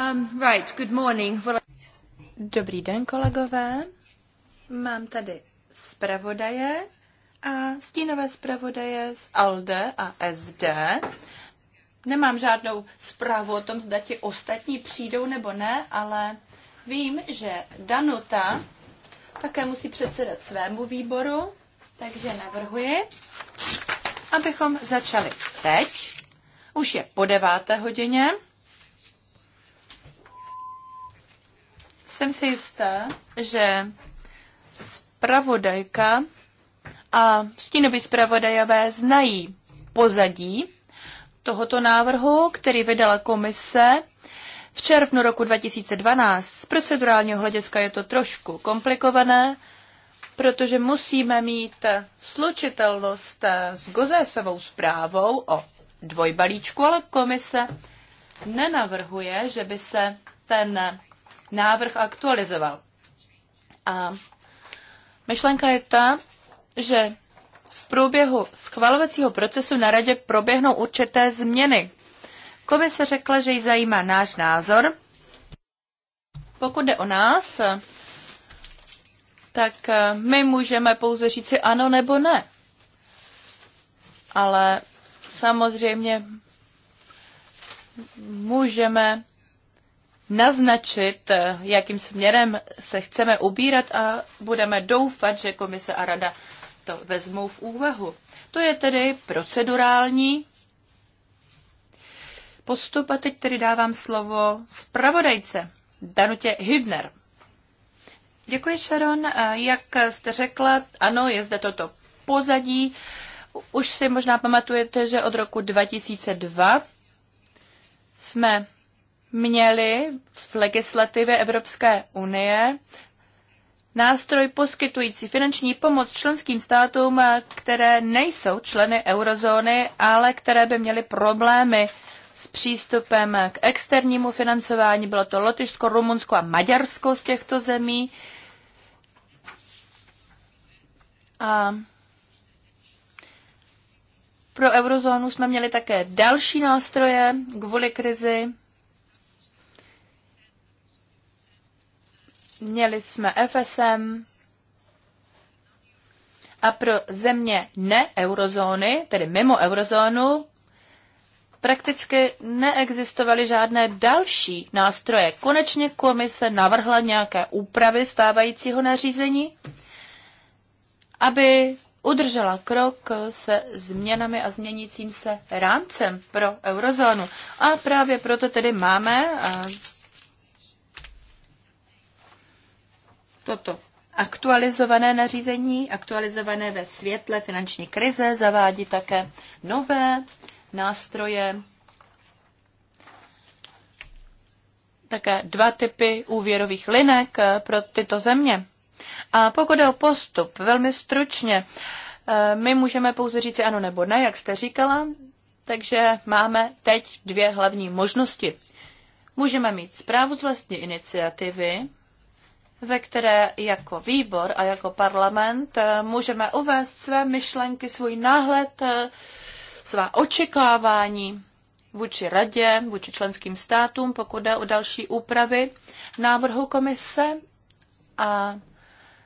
Um, right, Dobrý den, kolegové. Mám tady zpravodaje a stínové zpravodaje z ALDE a SD. Nemám žádnou zprávu o tom, zda ti ostatní přijdou nebo ne, ale vím, že Danuta také musí předsedat svému výboru, takže navrhuji, abychom začali teď. Už je po deváté hodině. Jsem si jistá, že zpravodajka a stínoví zpravodajové znají pozadí tohoto návrhu, který vydala komise v červnu roku 2012. Z procedurálního hlediska je to trošku komplikované, protože musíme mít slučitelnost s Gozésovou zprávou o dvojbalíčku, ale komise nenavrhuje, že by se ten návrh aktualizoval. A myšlenka je ta, že v průběhu schvalovacího procesu na radě proběhnou určité změny. Komise řekla, že ji zajímá náš názor. Pokud jde o nás, tak my můžeme pouze říci ano nebo ne. Ale samozřejmě můžeme naznačit, eh, jakým směrem se chceme ubírat a budeme doufat, že komise a rada to vezmou v úvahu. To je tedy procedurální postup a teď tedy dávám slovo zpravodajce Danutě Hübner. Děkuji, Sharon. Eh, Jak jste řekla, ano, je zde toto pozadí. Už si možná pamatujete, že od roku 2002 jsme měli v legislativě Evropské unie nástroj poskytující finanční pomoc členským státům, které nejsou členy eurozóny, ale které by měly problémy s přístupem k externímu financování. Bylo to Lotyšsko, Rumunsko a Maďarsko z těchto zemí. A pro eurozónu jsme měli také další nástroje kvůli krizi. Měli jsme FSM a pro země ne eurozóny, tedy mimo eurozónu, prakticky neexistovaly žádné další nástroje. Konečně komise navrhla nějaké úpravy stávajícího nařízení, aby udržela krok se změnami a změnícím se rámcem pro eurozónu. A právě proto tedy máme Toto aktualizované nařízení, aktualizované ve světle finanční krize, zavádí také nové nástroje, také dva typy úvěrových linek eh, pro tyto země. A pokud je o postup, velmi stručně, eh, my můžeme pouze říci ano nebo ne, jak jste říkala, takže máme teď dvě hlavní možnosti. Můžeme mít zprávu z vlastní iniciativy, ve které jako výbor a jako parlament eh, můžeme uvést své myšlenky, svůj náhled, eh, svá očekávání vůči radě, vůči členským státům, pokud jde o další úpravy návrhu komise. A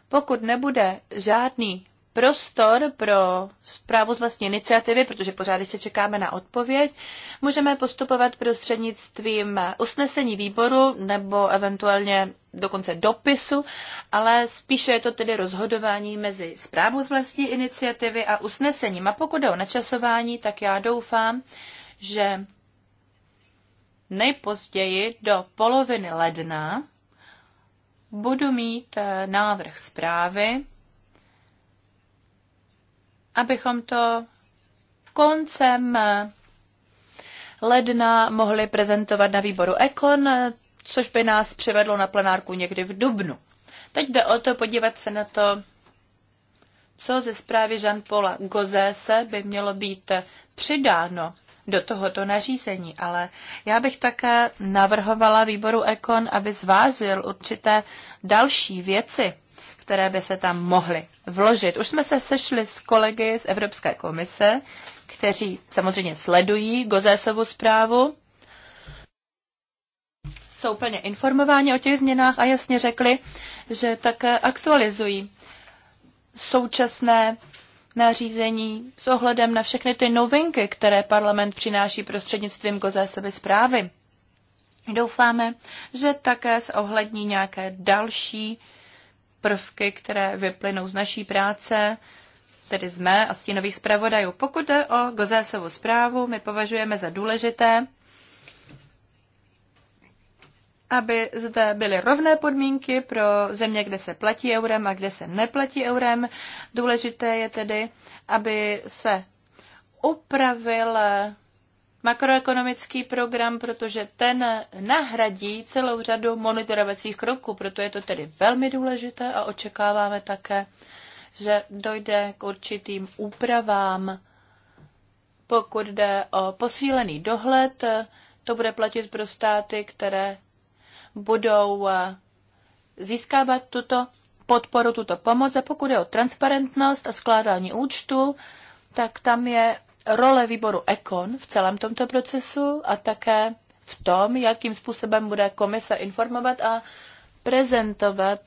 pokud nebude žádný prostor pro zprávu z vlastní iniciativy, protože pořád ještě čekáme na odpověď. Můžeme postupovat prostřednictvím usnesení výboru nebo eventuálně dokonce dopisu, ale spíše je to tedy rozhodování mezi zprávu z vlastní iniciativy a usnesením. A pokud jde o načasování, tak já doufám, že nejpozději do poloviny ledna budu mít eh, návrh zprávy abychom to koncem ledna mohli prezentovat na výboru Ekon, což by nás přivedlo na plenárku někdy v dubnu. Teď jde o to podívat se na to, co ze zprávy Jean-Paula se by mělo být přidáno do tohoto nařízení, ale já bych také navrhovala výboru Ekon, aby zvážil určité další věci, které by se tam mohly vložit. Už jsme se sešli s kolegy z Evropské komise, kteří samozřejmě sledují Gozésovu zprávu, jsou plně informováni o těch změnách a jasně řekli, že také aktualizují současné nařízení s ohledem na všechny ty novinky, které parlament přináší prostřednictvím Gozésovy zprávy. Doufáme, že také zohlední nějaké další prvky, které vyplynou z naší práce, tedy z mé a stínových zpravodajů. Pokud jde o Gozésovu zprávu, my považujeme za důležité, aby zde byly rovné podmínky pro země, kde se platí eurem a kde se neplatí eurem. Důležité je tedy, aby se upravil makroekonomický program, protože ten nahradí celou řadu monitorovacích kroků, proto je to tedy velmi důležité a očekáváme také, že dojde k určitým úpravám, pokud jde o posílený dohled, to bude platit pro státy, které budou eh, získávat tuto podporu, tuto pomoc. A pokud je o transparentnost a skládání účtu, tak tam je role výboru ECON v celém tomto procesu a také v tom, jakým způsobem bude komise informovat a prezentovat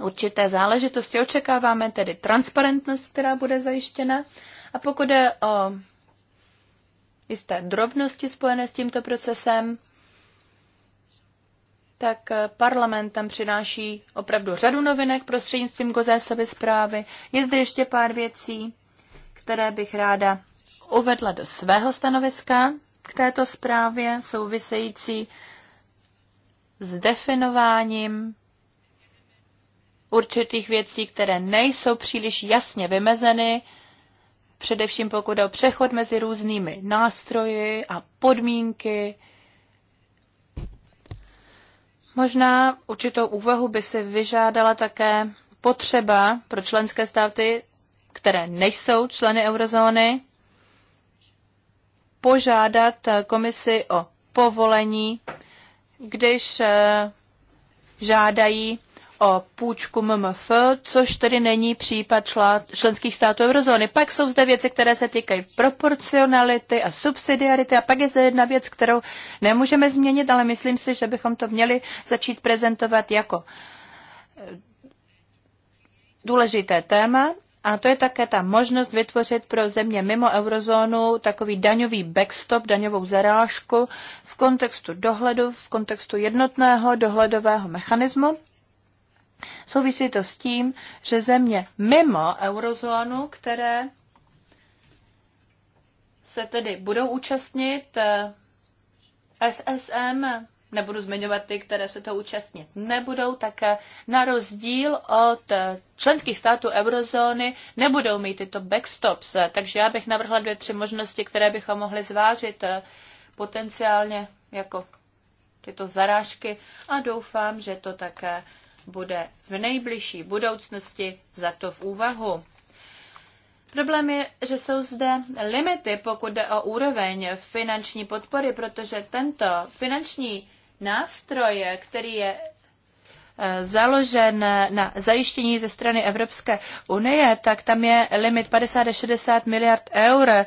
určité záležitosti. Očekáváme tedy transparentnost, která bude zajištěna. A pokud je o jisté drobnosti spojené s tímto procesem, tak parlament tam přináší opravdu řadu novinek prostřednictvím Gozésovy zprávy. Je zde ještě pár věcí, které bych ráda uvedla do svého stanoviska k této zprávě související s definováním určitých věcí, které nejsou příliš jasně vymezeny, především pokud o přechod mezi různými nástroji a podmínky. Možná určitou úvahu by si vyžádala také potřeba pro členské státy které nejsou členy eurozóny, požádat eh, komisi o povolení, když eh, žádají o půjčku MMF, což tedy není případ členských států eurozóny. Pak jsou zde věci, které se týkají proporcionality a subsidiarity a pak je zde jedna věc, kterou nemůžeme změnit, ale myslím si, že bychom to měli začít prezentovat jako eh, důležité téma a to je také ta možnost vytvořit pro země mimo eurozónu takový daňový backstop, daňovou zarážku v kontextu dohledu, v kontextu jednotného dohledového mechanismu. Souvisí to s tím, že země mimo eurozónu, které se tedy budou účastnit eh, SSM, nebudu zmiňovat ty, které se to účastnit nebudou, tak na rozdíl od členských států eurozóny nebudou mít tyto backstops. Takže já bych navrhla dvě, tři možnosti, které bychom mohli zvážit eh, potenciálně jako tyto zarážky a doufám, že to také bude v nejbližší budoucnosti za to v úvahu. Problém je, že jsou zde limity, pokud jde o úroveň finanční podpory, protože tento finanční nástroj, který je eh, založen na zajištění ze strany Evropské unie, tak tam je limit 50 až 60 miliard eur.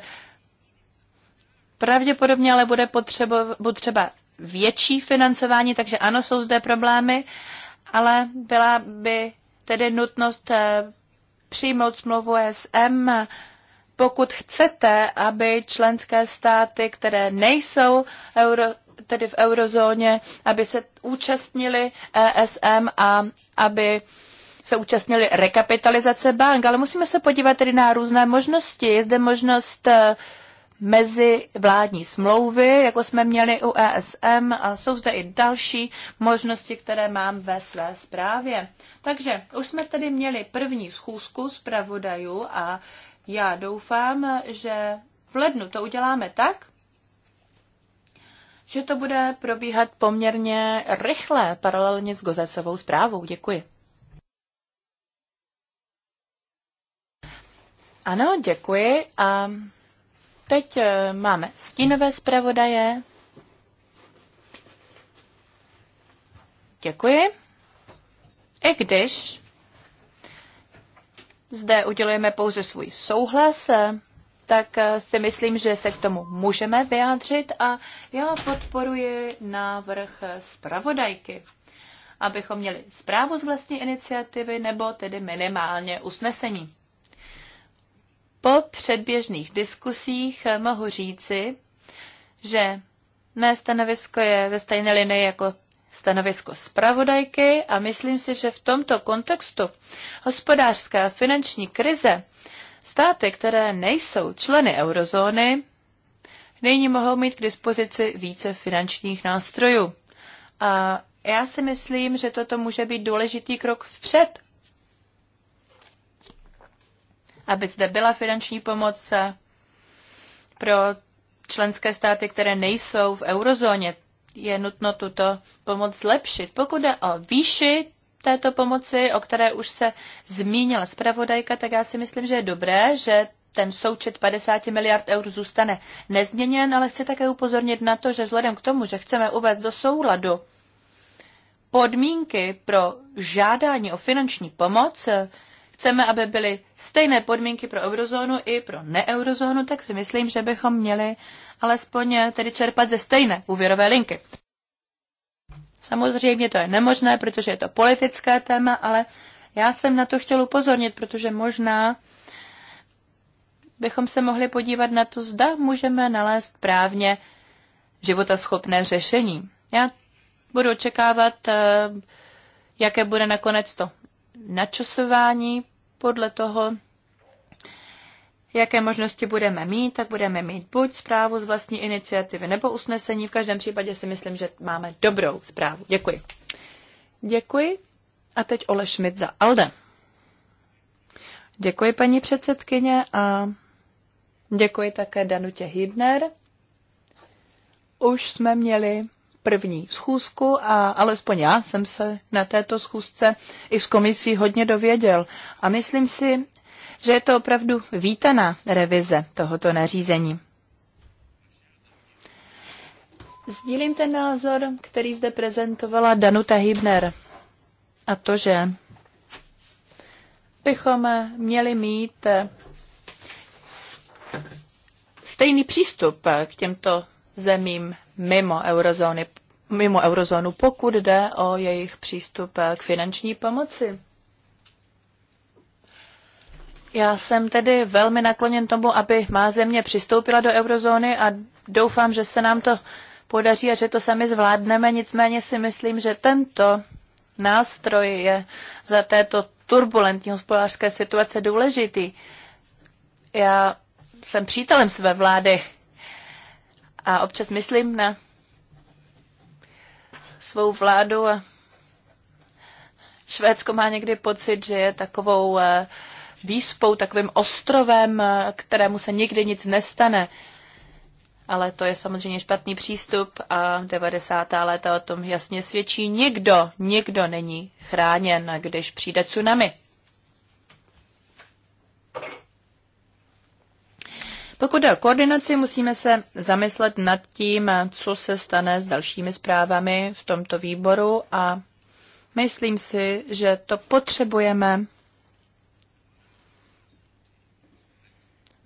Pravděpodobně ale bude potřeba větší financování, takže ano, jsou zde problémy, ale byla by tedy nutnost eh, přijmout smlouvu SM, pokud chcete, aby členské státy, které nejsou euro, tedy v eurozóně, aby se účastnili ESM a aby se účastnili rekapitalizace bank, ale musíme se podívat tedy na různé možnosti. Je zde možnost eh, mezi vládní smlouvy, jako jsme měli u ESM, a jsou zde i další možnosti, které mám ve své zprávě. Takže už jsme tedy měli první schůzku zpravodajů a já doufám, že v lednu to uděláme tak, že to bude probíhat poměrně rychle paralelně s Gozesovou zprávou. Děkuji. Ano, děkuji. A teď eh, máme stínové zpravodaje. Děkuji. I když zde udělujeme pouze svůj souhlas, eh, tak eh, si myslím, že se k tomu můžeme vyjádřit a já podporuji návrh zpravodajky, abychom měli zprávu z vlastní iniciativy nebo tedy minimálně usnesení. Po předběžných diskusích eh, mohu říci, že mé stanovisko je ve stejné linii jako stanovisko zpravodajky a myslím si, že v tomto kontextu hospodářské a finanční krize Státy, které nejsou členy eurozóny, nyní mohou mít k dispozici více finančních nástrojů. A já si myslím, že toto může být důležitý krok vpřed, aby zde byla finanční pomoc pro členské státy, které nejsou v eurozóně. Je nutno tuto pomoc zlepšit. Pokud jde o výši této pomoci, o které už se zmínila zpravodajka, tak já si myslím, že je dobré, že ten součet 50 miliard eur zůstane nezměněn, ale chci také upozornit na to, že vzhledem k tomu, že chceme uvést do souladu podmínky pro žádání o finanční pomoc, chceme, aby byly stejné podmínky pro eurozónu i pro neeurozónu, tak si myslím, že bychom měli alespoň tedy čerpat ze stejné úvěrové linky. Samozřejmě to je nemožné, protože je to politické téma, ale já jsem na to chtěl upozornit, protože možná bychom se mohli podívat na to, zda můžeme nalézt právně životaschopné řešení. Já budu očekávat, eh, jaké bude nakonec to načasování podle toho, jaké možnosti budeme mít, tak budeme mít buď zprávu z vlastní iniciativy nebo usnesení. V každém případě si myslím, že máme dobrou zprávu. Děkuji. Děkuji. A teď Ole Schmidt za Alde. Děkuji paní předsedkyně a děkuji také Danutě Hibner. Už jsme měli první schůzku a alespoň já jsem se na této schůzce i s komisí hodně dověděl. A myslím si, že je to opravdu vítaná revize tohoto nařízení. Sdílím ten názor, který zde prezentovala Danuta Hibner, a to, že bychom měli mít stejný přístup k těmto zemím mimo eurozóny, mimo eurozónu, pokud jde o jejich přístup k finanční pomoci. Já jsem tedy velmi nakloněn tomu, aby má země přistoupila do eurozóny a doufám, že se nám to podaří a že to sami zvládneme. Nicméně si myslím, že tento nástroj je za této turbulentní hospodářské situace důležitý. Já jsem přítelem své vlády a občas myslím na svou vládu a Švédsko má někdy pocit, že je takovou eh, výspou, takovým ostrovem, kterému se nikdy nic nestane. Ale to je samozřejmě špatný přístup a 90. léta o tom jasně svědčí. Nikdo, nikdo není chráněn, když přijde tsunami. Pokud jde o koordinaci, musíme se zamyslet nad tím, co se stane s dalšími zprávami v tomto výboru a myslím si, že to potřebujeme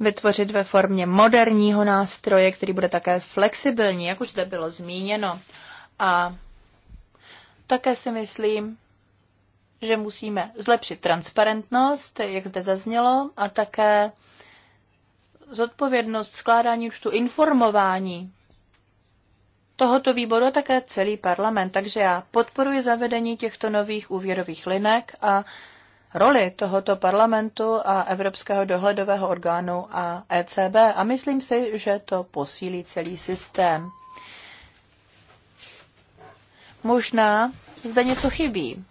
vytvořit ve formě moderního nástroje, který bude také flexibilní, jak už zde bylo zmíněno. A také si myslím, že musíme zlepšit transparentnost, jak zde zaznělo, a také zodpovědnost skládání účtu informování tohoto výboru a také celý parlament. Takže já podporuji zavedení těchto nových úvěrových linek a roli tohoto parlamentu a Evropského dohledového orgánu a ECB a myslím si, že to posílí celý systém. Možná zde něco chybí.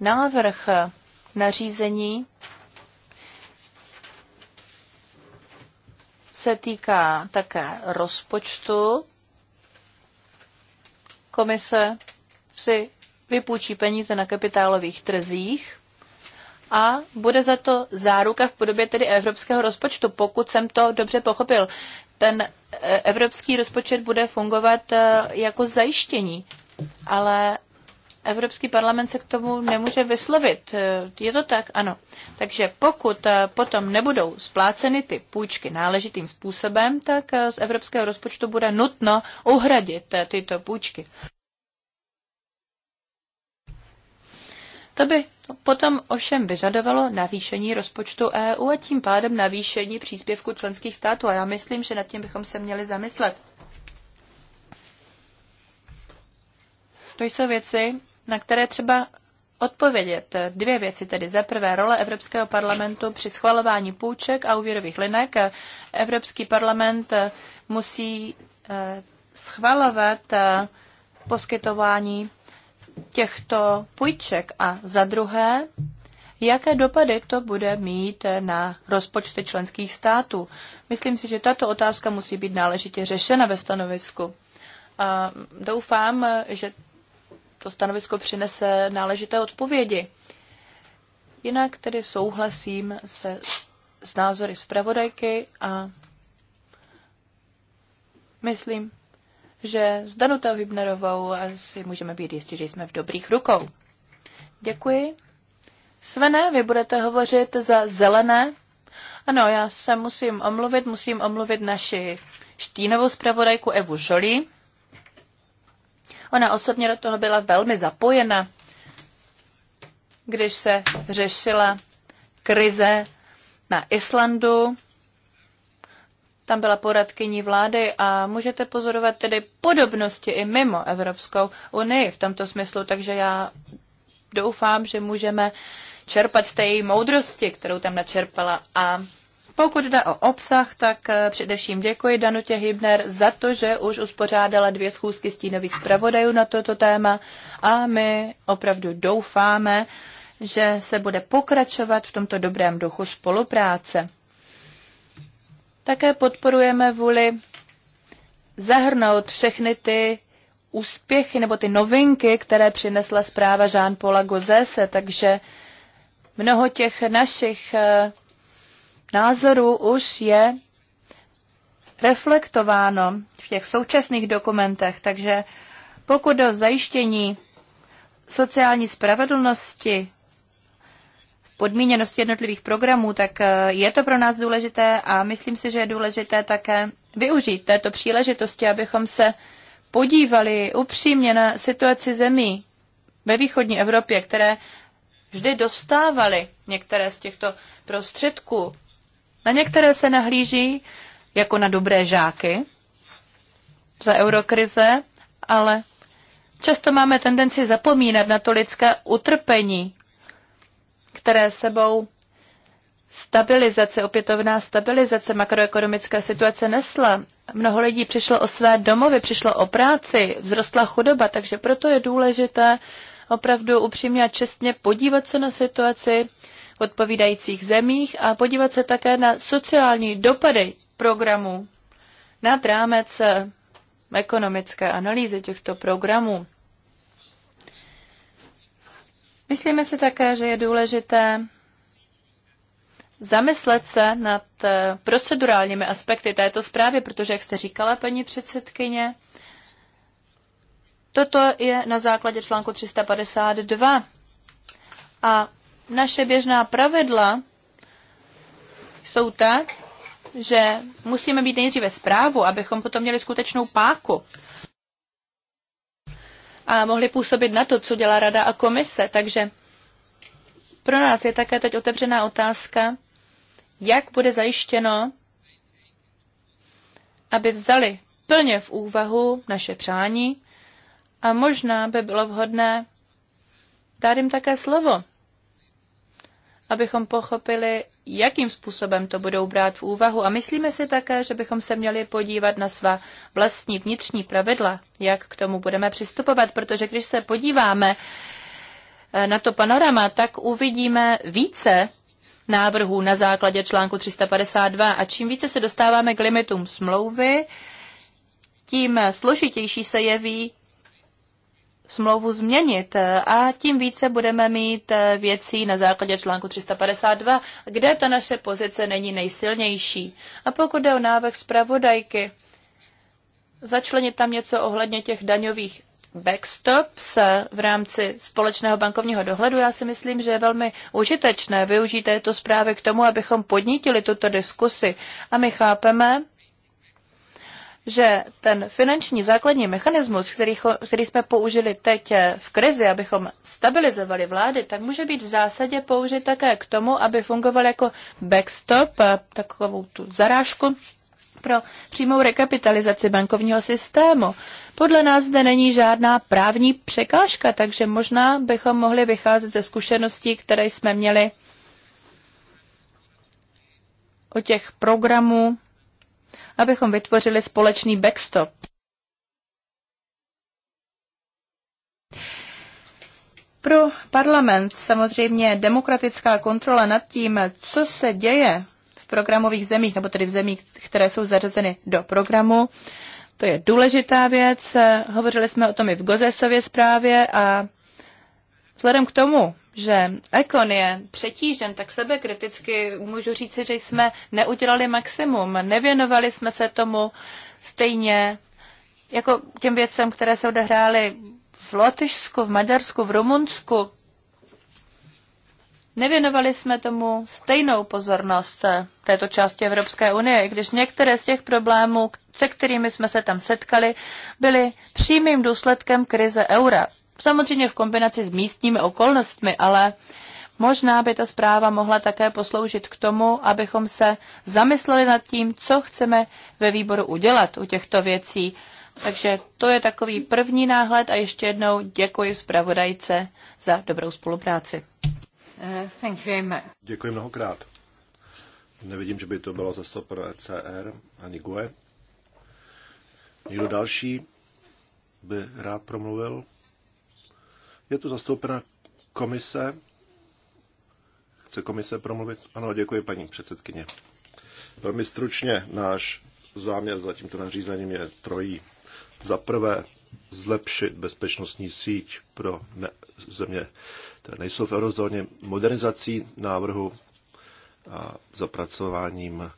Návrh nařízení se týká také rozpočtu. Komise si vypůjčí peníze na kapitálových trzích a bude za to záruka v podobě tedy evropského rozpočtu, pokud jsem to dobře pochopil. Ten e, evropský rozpočet bude fungovat e, jako zajištění, ale Evropský parlament se k tomu nemůže vyslovit. E, je to tak? Ano. Takže pokud potom nebudou spláceny ty půjčky náležitým způsobem, tak z evropského rozpočtu bude nutno uhradit tyto půjčky. To by potom ovšem vyžadovalo navýšení rozpočtu EU a tím pádem navýšení příspěvku členských států a já myslím, že nad tím bychom se měli zamyslet. To jsou věci, na které třeba odpovědět. Dvě věci tedy. Za prvé role Evropského parlamentu při schvalování půjček a úvěrových linek. Evropský parlament musí eh, schvalovat eh, poskytování těchto půjček a za druhé, jaké dopady to bude mít na rozpočty členských států. Myslím si, že tato otázka musí být náležitě řešena ve stanovisku. A doufám, že to stanovisko přinese náležité odpovědi. Jinak tedy souhlasím se s názory zpravodajky a myslím, že s Danutou Hübnerovou si můžeme být jistí, že jsme v dobrých rukou. Děkuji. Svene, vy budete hovořit za zelené. Ano, já se musím omluvit, musím omluvit naši štínovou zpravodajku Evu Žolí. Ona osobně do toho byla velmi zapojena, když se řešila krize na Islandu tam byla poradkyní vlády a můžete pozorovat tedy podobnosti i mimo Evropskou unii v tomto smyslu, takže já doufám, že můžeme čerpat z té její moudrosti, kterou tam načerpala a pokud jde o obsah, tak eh, především děkuji Danutě Hybner za to, že už uspořádala dvě schůzky stínových zpravodajů na toto téma a my opravdu doufáme, že se bude pokračovat v tomto dobrém duchu spolupráce. Také podporujeme vůli zahrnout všechny ty úspěchy nebo ty novinky, které přinesla zpráva Jean-Paula Gozese, takže mnoho těch našich eh, názorů už je reflektováno v těch současných dokumentech, takže pokud do zajištění sociální spravedlnosti podmíněnosti jednotlivých programů, tak eh, je to pro nás důležité a myslím si, že je důležité také využít této příležitosti, abychom se podívali upřímně na situaci zemí ve východní Evropě, které vždy dostávaly některé z těchto prostředků. Na některé se nahlíží jako na dobré žáky za eurokrize, ale často máme tendenci zapomínat na to lidské utrpení, které sebou stabilizace, opětovná stabilizace makroekonomické situace nesla. Mnoho lidí přišlo o své domovy, přišlo o práci, vzrostla chudoba, takže proto je důležité opravdu upřímně a čestně podívat se na situaci v odpovídajících zemích a podívat se také na sociální dopady programů nad rámec ekonomické analýzy těchto programů. Myslíme si také, že je důležité zamyslet se nad eh, procedurálními aspekty této zprávy, protože, jak jste říkala, paní předsedkyně, toto je na základě článku 352. A naše běžná pravidla jsou tak, že musíme být nejdříve zprávu, abychom potom měli skutečnou páku a mohli působit na to, co dělá rada a komise. Takže pro nás je také teď otevřená otázka, jak bude zajištěno, aby vzali plně v úvahu naše přání a možná by bylo vhodné dát jim také slovo, abychom pochopili, jakým způsobem to budou brát v úvahu. A myslíme si také, že bychom se měli podívat na svá vlastní vnitřní pravidla, jak k tomu budeme přistupovat, protože když se podíváme eh, na to panorama, tak uvidíme více návrhů na základě článku 352 a čím více se dostáváme k limitům smlouvy, tím složitější se jeví smlouvu změnit a tím více budeme mít eh, věcí na základě článku 352, kde ta naše pozice není nejsilnější. A pokud jde o návrh zpravodajky, začlenit tam něco ohledně těch daňových backstops eh, v rámci společného bankovního dohledu, já si myslím, že je velmi užitečné využít této zprávy k tomu, abychom podnítili tuto diskusi. A my chápeme, že ten finanční základní mechanismus, který, který jsme použili teď eh, v krizi, abychom stabilizovali vlády, tak může být v zásadě použit také k tomu, aby fungoval jako backstop, eh, takovou tu zarážku pro přímou rekapitalizaci bankovního systému. Podle nás zde není žádná právní překážka, takže možná bychom mohli vycházet ze zkušeností, které jsme měli o těch programů abychom vytvořili společný backstop. Pro parlament samozřejmě demokratická kontrola nad tím, co se děje v programových zemích, nebo tedy v zemích, které jsou zařazeny do programu, to je důležitá věc. Hovořili jsme o tom i v Gozesově zprávě a vzhledem k tomu, že Ekon je přetížen, tak sebe kriticky můžu říci, že jsme neudělali maximum. Nevěnovali jsme se tomu stejně jako těm věcem, které se odehrály v Lotyšsku, v Maďarsku, v Rumunsku. Nevěnovali jsme tomu stejnou pozornost této části Evropské unie, když některé z těch problémů, se kterými jsme se tam setkali, byly přímým důsledkem krize eura. Samozřejmě v kombinaci s místními okolnostmi, ale možná by ta zpráva mohla také posloužit k tomu, abychom se zamysleli nad tím, co chceme ve výboru udělat u těchto věcí. Takže to je takový první náhled a ještě jednou děkuji zpravodajce za dobrou spolupráci. Uh, thank you very much. Děkuji mnohokrát. Nevidím, že by to bylo za pro ECR ani GUE. Někdo další by rád promluvil? Je tu zastoupena komise. Chce komise promluvit? Ano, děkuji paní předsedkyně. Velmi stručně náš záměr za tímto nařízením je trojí. Za prvé zlepšit bezpečnostní síť pro ne, země, které nejsou v eurozóně, modernizací návrhu a zapracováním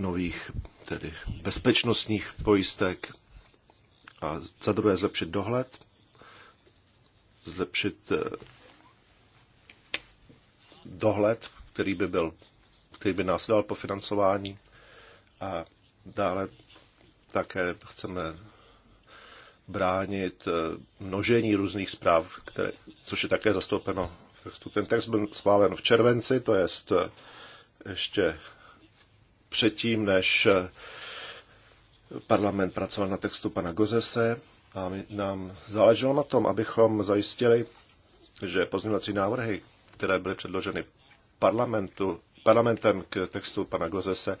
nových tedy bezpečnostních pojistek a za druhé zlepšit dohled, zlepšit eh, dohled, který by, byl, který by následoval po financování a dále také chceme bránit eh, množení různých zpráv, které, což je také zastoupeno v textu. Ten text byl schválen v červenci, to jest eh, ještě předtím, než Parlament pracoval na textu pana Gozese a nám záleželo na tom, abychom zajistili, že pozměňovací návrhy, které byly předloženy parlamentu, parlamentem k textu pana Gozese,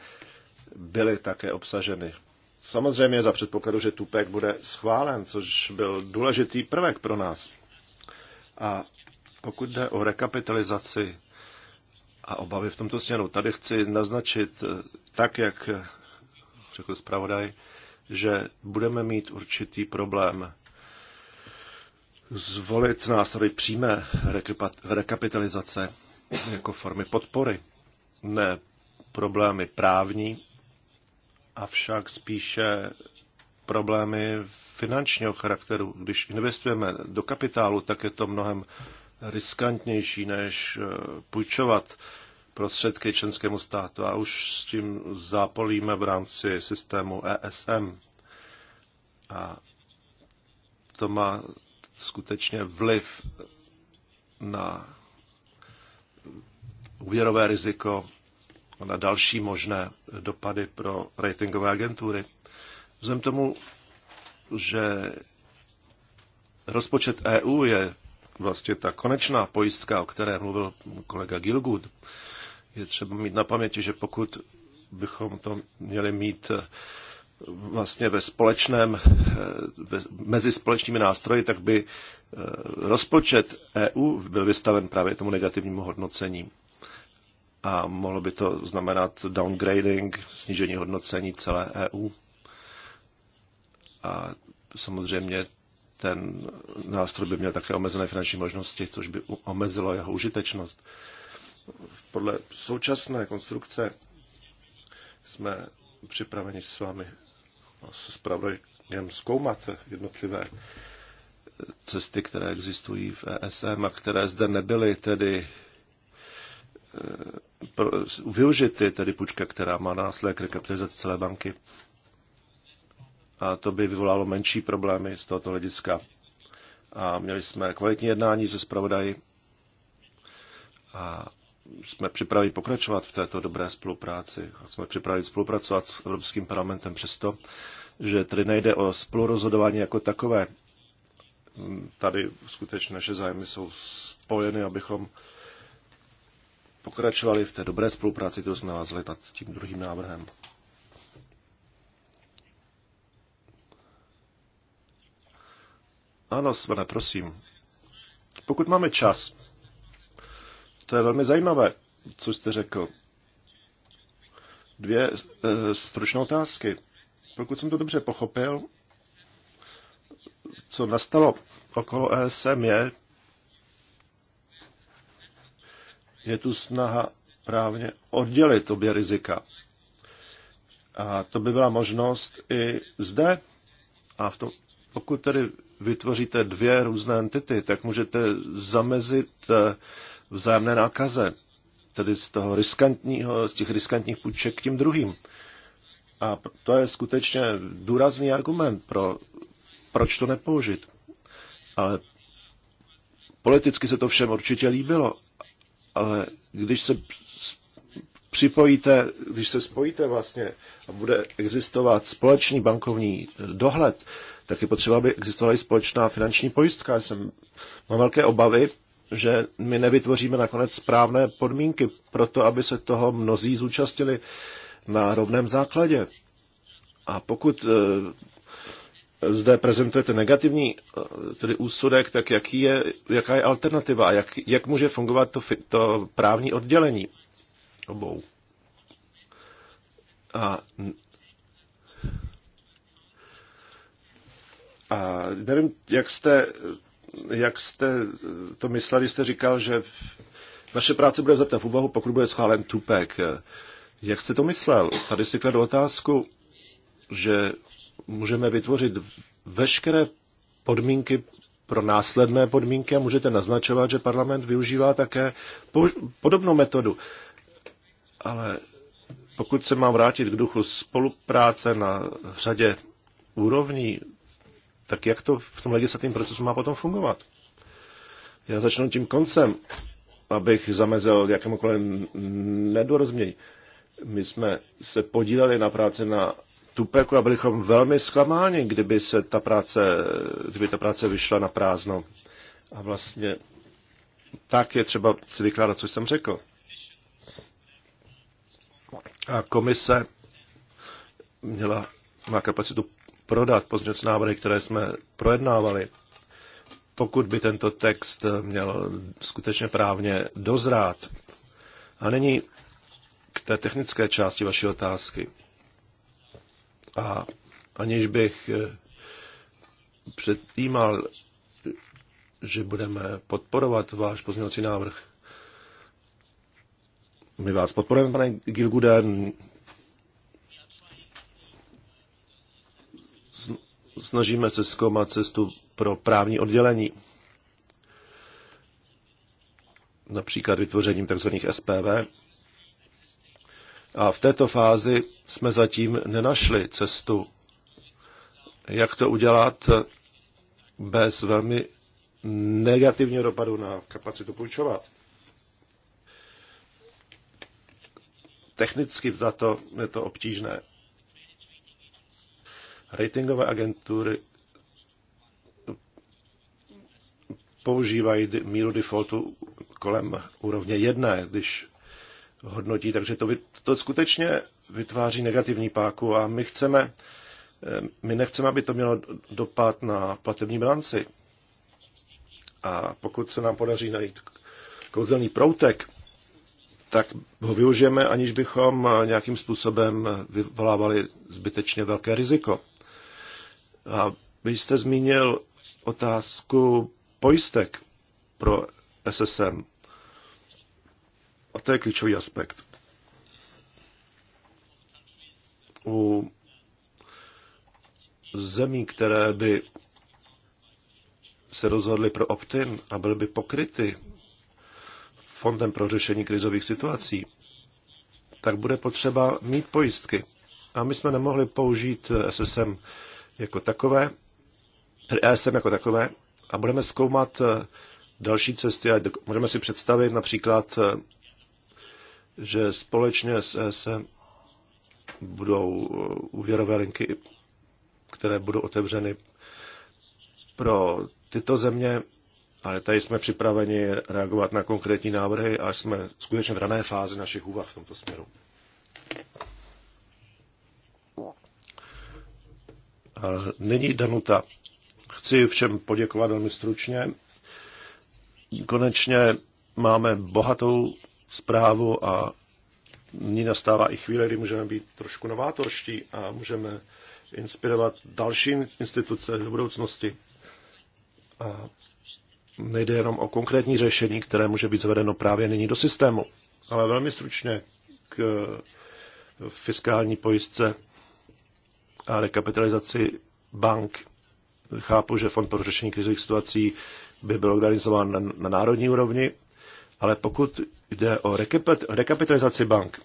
byly také obsaženy. Samozřejmě za předpokladu, že Tupek bude schválen, což byl důležitý prvek pro nás. A pokud jde o rekapitalizaci a obavy v tomto směru, tady chci naznačit eh, tak, jak řekl zpravodaj, že budeme mít určitý problém zvolit nástroj přímé rekapitalizace jako formy podpory. Ne problémy právní, avšak spíše problémy finančního charakteru. Když investujeme do kapitálu, tak je to mnohem riskantnější, než eh, půjčovat prostředky členskému státu a už s tím zápolíme v rámci systému ESM. A to má skutečně vliv na úvěrové riziko a na další možné dopady pro ratingové agentury. Vzhledem tomu, že rozpočet EU je vlastně ta konečná pojistka, o které mluvil kolega Gilgud, je třeba mít na paměti, že pokud bychom to měli mít eh, vlastně ve společném, eh, mezi společnými nástroji, tak by eh, rozpočet EU byl vystaven právě tomu negativnímu hodnocení. A mohlo by to znamenat downgrading, snížení hodnocení celé EU. A samozřejmě ten nástroj by měl také omezené finanční možnosti, což by omezilo jeho užitečnost. Uh, podle současné konstrukce jsme připraveni s vámi a se zpravodajem zkoumat jednotlivé cesty, které existují v ESM a které zde nebyly tedy e, využity, tedy půjčka, která má následek rekapitalizace celé banky. A to by vyvolalo menší problémy z tohoto hlediska. A měli jsme kvalitní jednání se spravodají a jsme připraveni pokračovat v této dobré spolupráci. Jsme připraveni spolupracovat s Evropským parlamentem přesto, že tady nejde o spolurozhodování jako takové. Tady skutečně naše zájmy jsou spojeny, abychom pokračovali v té dobré spolupráci, kterou jsme navázali nad tím druhým návrhem. Ano, Svane, prosím. Pokud máme čas, to je velmi zajímavé, co jste řekl. Dvě e, stručné otázky. Pokud jsem to dobře pochopil, co nastalo okolo ESM je, je tu snaha právně oddělit obě rizika. A to by byla možnost i zde. A v tom, pokud tedy vytvoříte dvě různé entity, tak můžete zamezit eh, vzájemné nákaze, tedy z, toho riskantního, z těch riskantních půjček k tím druhým. A to je skutečně důrazný argument, pro, proč to nepoužit. Ale politicky se to všem určitě líbilo, ale když se připojíte, když se spojíte vlastně a bude existovat společný bankovní dohled, tak je potřeba, aby existovala i společná finanční pojistka. Já jsem, mám velké obavy, že my nevytvoříme nakonec správné podmínky pro to, aby se toho mnozí zúčastnili na rovném základě. A pokud eh, zde prezentujete negativní eh, tedy úsudek, tak jaký je, jaká je alternativa a jak, jak může fungovat to, to právní oddělení obou. A, a nevím, jak jste jak jste to mysleli, jste říkal, že vaše práce bude vzata v úvahu, pokud bude schválen Tupek. Jak jste to myslel? Tady si kladu otázku, že můžeme vytvořit veškeré podmínky pro následné podmínky a můžete naznačovat, že parlament využívá také podobnou metodu. Ale pokud se mám vrátit k duchu spolupráce na řadě úrovní, tak jak to v tom legislativním procesu má potom fungovat? Já začnu tím koncem, abych zamezil jakémukoliv nedorozumění. My jsme se podíleli na práci na Tupeku a byli velmi zklamáni, kdyby, se ta práce, kdyby ta práce vyšla na prázdno. A vlastně tak je třeba si vykládat, co jsem řekl. A komise měla, má kapacitu prodat pozměňovací návrhy, které jsme projednávali, pokud by tento text měl skutečně právně dozrát. A nyní k té technické části vaší otázky. A aniž bych eh, předjímal, že budeme podporovat váš pozměňovací návrh, my vás podporujeme, pane Gilguden, snažíme se zkoumat cestu pro právní oddělení. Například vytvořením tzv. SPV. A v této fázi jsme zatím nenašli cestu, jak to udělat bez velmi negativního dopadu na kapacitu půjčovat. Technicky za to je to obtížné. Ratingové agentury používají míru defaultu kolem úrovně jedné, když hodnotí, takže to, to skutečně vytváří negativní páku a my chceme, eh, my nechceme, aby to mělo dopad na platební bilanci. A pokud se nám podaří najít kouzelný proutek, tak ho využijeme, aniž bychom nějakým způsobem vyvolávali zbytečně velké riziko. A vy jste zmínil otázku pojistek pro SSM. A to je klíčový aspekt. U zemí, které by se rozhodly pro opt-in a byly by pokryty fondem pro řešení krizových situací, tak bude potřeba mít pojistky. A my jsme nemohli použít SSM jako takové, ESM jako takové a budeme zkoumat eh, další cesty a můžeme si představit například, eh, že společně s ESM budou eh, úvěrové linky, které budou otevřeny pro tyto země, ale tady jsme připraveni reagovat na konkrétní návrhy a jsme skutečně v rané fázi našich úvah v tomto směru. Nyní Danuta. Chci všem poděkovat velmi stručně. Konečně máme bohatou zprávu a nyní nastává i chvíle, kdy můžeme být trošku novátorští a můžeme inspirovat další instituce do budoucnosti. A nejde jenom o konkrétní řešení, které může být zvedeno právě nyní do systému, ale velmi stručně k fiskální pojistce a rekapitalizaci bank. Chápu, že Fond pro řešení krizových situací by byl organizován na, na národní úrovni, ale pokud jde o rekapitalizaci bank,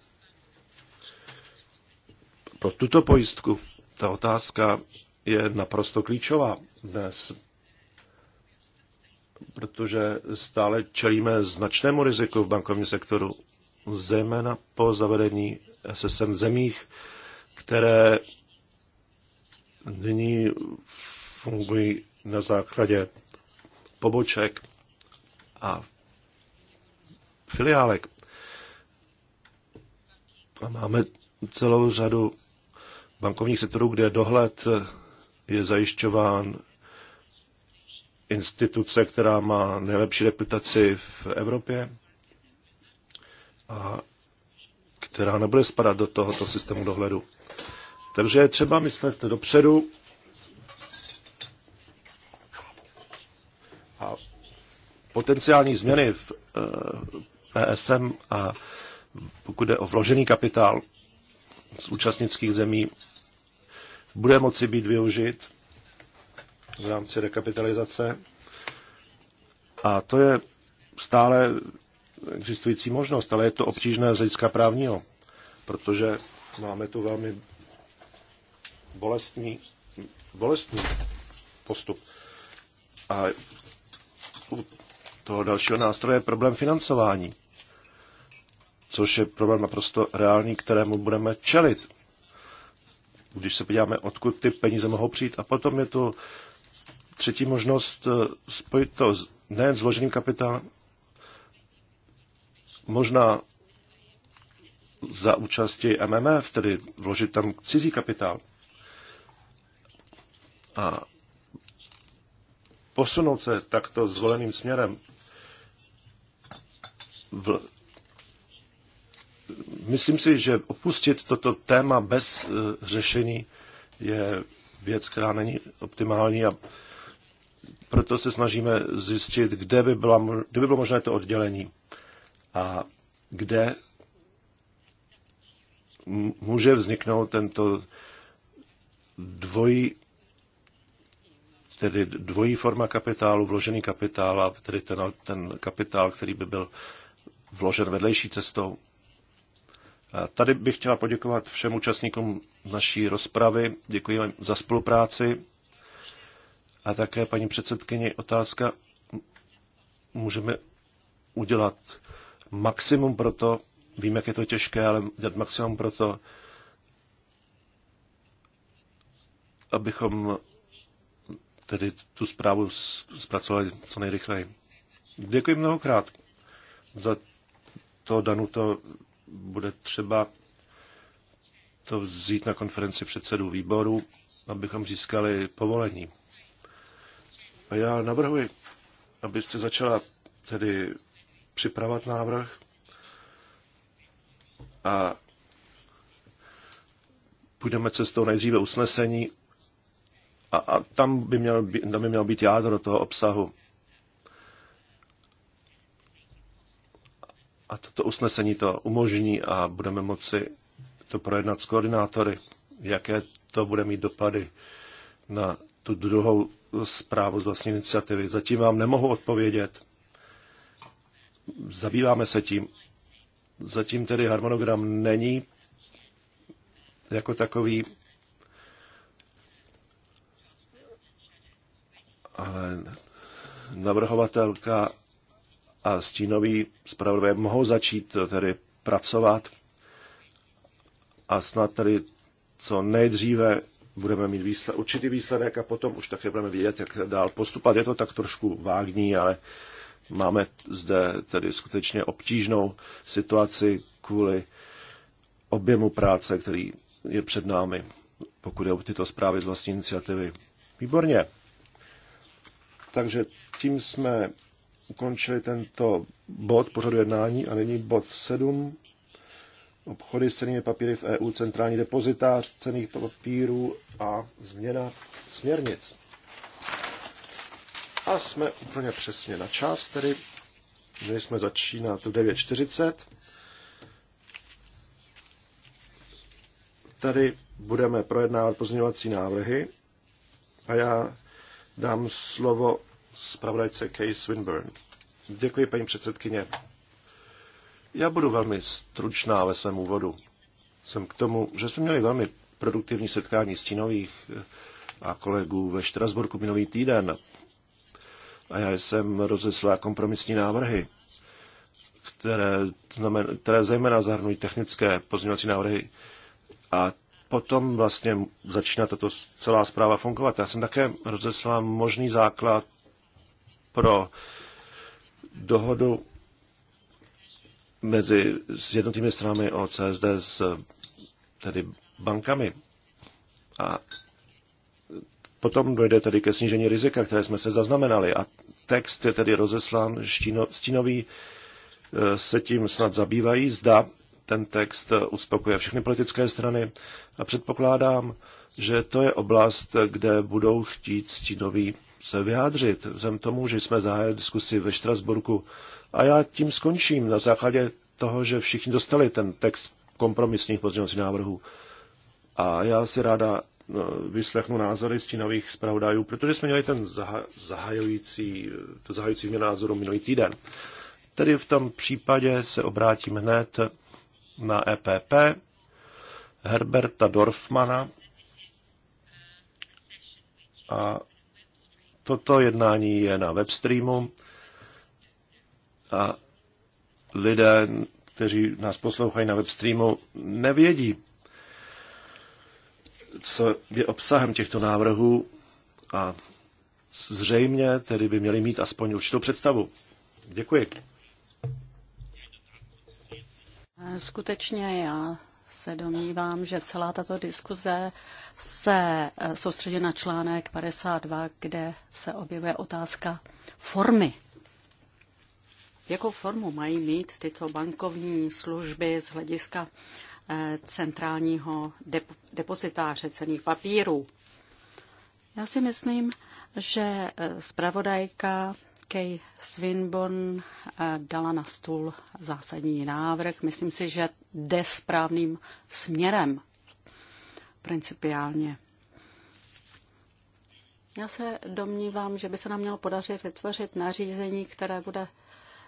pro tuto pojistku ta otázka je naprosto klíčová dnes, protože stále čelíme značnému riziku v bankovním sektoru, zejména po zavedení SSM zemích, které nyní fungují na základě poboček a filiálek. A máme celou řadu bankovních sektorů, kde dohled je zajišťován instituce, která má nejlepší reputaci v Evropě a která nebude spadat do tohoto systému dohledu. Takže je třeba myslet dopředu a potenciální změny v PSM eh, a pokud je o vložený kapitál z účastnických zemí, bude moci být využit v rámci rekapitalizace. A to je stále existující možnost, ale je to obtížné z hlediska právního, protože máme tu velmi bolestný, bolestný postup. A u toho dalšího nástroje je problém financování, což je problém naprosto reálný, kterému budeme čelit. Když se podíváme, odkud ty peníze mohou přijít. A potom je to třetí možnost eh, spojit to nejen s vloženým kapitálem, možná za účasti MMF, tedy vložit tam cizí kapitál. A posunout se takto zvoleným směrem v Myslím si, že opustit toto téma bez e, řešení je věc, která není optimální a proto se snažíme zjistit, kde by, byla, kde by bylo možné to oddělení a kde může vzniknout tento dvojí tedy dvojí forma kapitálu, vložený kapitál a tedy ten, ten kapitál, který by byl vložen vedlejší cestou. A tady bych chtěla poděkovat všem účastníkům naší rozpravy. Děkuji vám za spolupráci. A také paní předsedkyni otázka, můžeme udělat maximum pro to, vím, jak je to těžké, ale dělat maximum pro to, abychom tedy tu zprávu zpracovali co nejrychleji. Děkuji mnohokrát za to, Danu, to bude třeba to vzít na konferenci předsedů výboru, abychom získali povolení. A já navrhuji, abyste začala tedy připravovat návrh a půjdeme cestou nejdříve usnesení a, a tam, by měl tam by měl být jádro toho obsahu. A toto usnesení to umožní a budeme moci to projednat s koordinátory, jaké to bude mít dopady na tu druhou zprávu z vlastní iniciativy. Zatím vám nemohu odpovědět. Zabýváme se tím. Zatím tedy harmonogram není jako takový ale navrhovatelka a stínový zpravodajové mohou začít tedy pracovat a snad tedy co nejdříve budeme mít výsled, určitý výsledek a potom už také budeme vědět, jak dál postupovat. Je to tak trošku vágní, ale máme zde tedy skutečně obtížnou situaci kvůli objemu práce, který je před námi, pokud je o tyto zprávy z vlastní iniciativy. Výborně. Takže tím jsme ukončili tento bod pořadu jednání a nyní bod 7. Obchody s cenými papíry v EU, centrální depozitář cených papírů a změna směrnic. A jsme úplně přesně na čas, tedy že jsme začínat v 9.40. Tady budeme projednávat pozměňovací návrhy a já Dám slovo zpravodajce Kay Swinburne. Děkuji, paní předsedkyně. Já budu velmi stručná ve svém úvodu. Jsem k tomu, že jsme měli velmi produktivní setkání stínových eh, a kolegů ve Štrasburku minulý týden. A já jsem rozeslal kompromisní návrhy, které, znamen, které zejména zahrnují technické pozměňovací návrhy a potom vlastně začíná tato celá zpráva fungovat. Já jsem také rozeslal možný základ pro dohodu mezi jednotými stranami o CSD s tedy bankami. A potom dojde tedy ke snížení rizika, které jsme se zaznamenali. A text je tedy rozeslán, štíno, stínový e, se tím snad zabývají, zda ten text uspokuje všechny politické strany a předpokládám, že to je oblast, kde budou chtít stínoví se vyjádřit. Vzhledem tomu, že jsme zahájili diskusi ve Štrasburku a já tím skončím na základě toho, že všichni dostali ten text kompromisních pozměňovacích návrhů. A já si ráda no, vyslechnu názory stínových zpravodajů, protože jsme měli ten zahajující, to zahajující mě názoru minulý týden. Tedy v tom případě se obrátím hned na EPP, Herberta Dorfmana a toto jednání je na webstreamu a lidé, kteří nás poslouchají na webstreamu, nevědí, co je obsahem těchto návrhů a zřejmě tedy by měli mít aspoň určitou představu. Děkuji. Skutečně já se domnívám, že celá tato diskuze se eh, soustředí na článek 52, kde se objevuje otázka formy. Jakou formu mají mít tyto bankovní služby z hlediska eh, centrálního dep- depozitáře cených papírů? Já si myslím, že eh, zpravodajka Kay Swinburne eh, dala na stůl zásadní návrh. Myslím si, že jde správným směrem principiálně. Já se domnívám, že by se nám mělo podařit vytvořit nařízení, které bude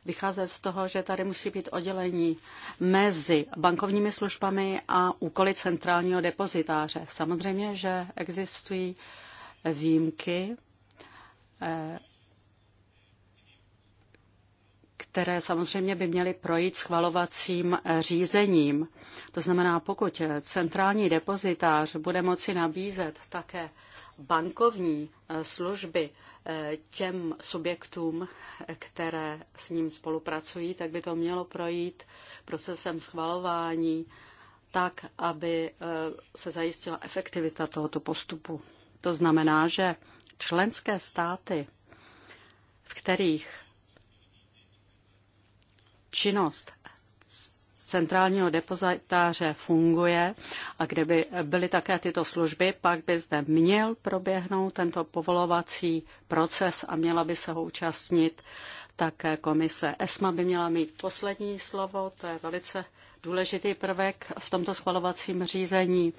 vycházet z toho, že tady musí být oddělení mezi bankovními službami a úkoly centrálního depozitáře. Samozřejmě, že existují výjimky eh, které samozřejmě by měly projít schvalovacím eh, řízením. To znamená, pokud eh, centrální depozitář bude moci nabízet také bankovní eh, služby těm subjektům, které s ním spolupracují, tak by to mělo projít procesem schvalování tak, aby se zajistila efektivita tohoto postupu. To znamená, že členské státy, v kterých činnost centrálního depozitáře funguje a kde by byly také tyto služby, pak by zde měl proběhnout tento povolovací proces a měla by se ho účastnit také komise. ESMA by měla mít poslední slovo, to je velice důležitý prvek v tomto schvalovacím řízení.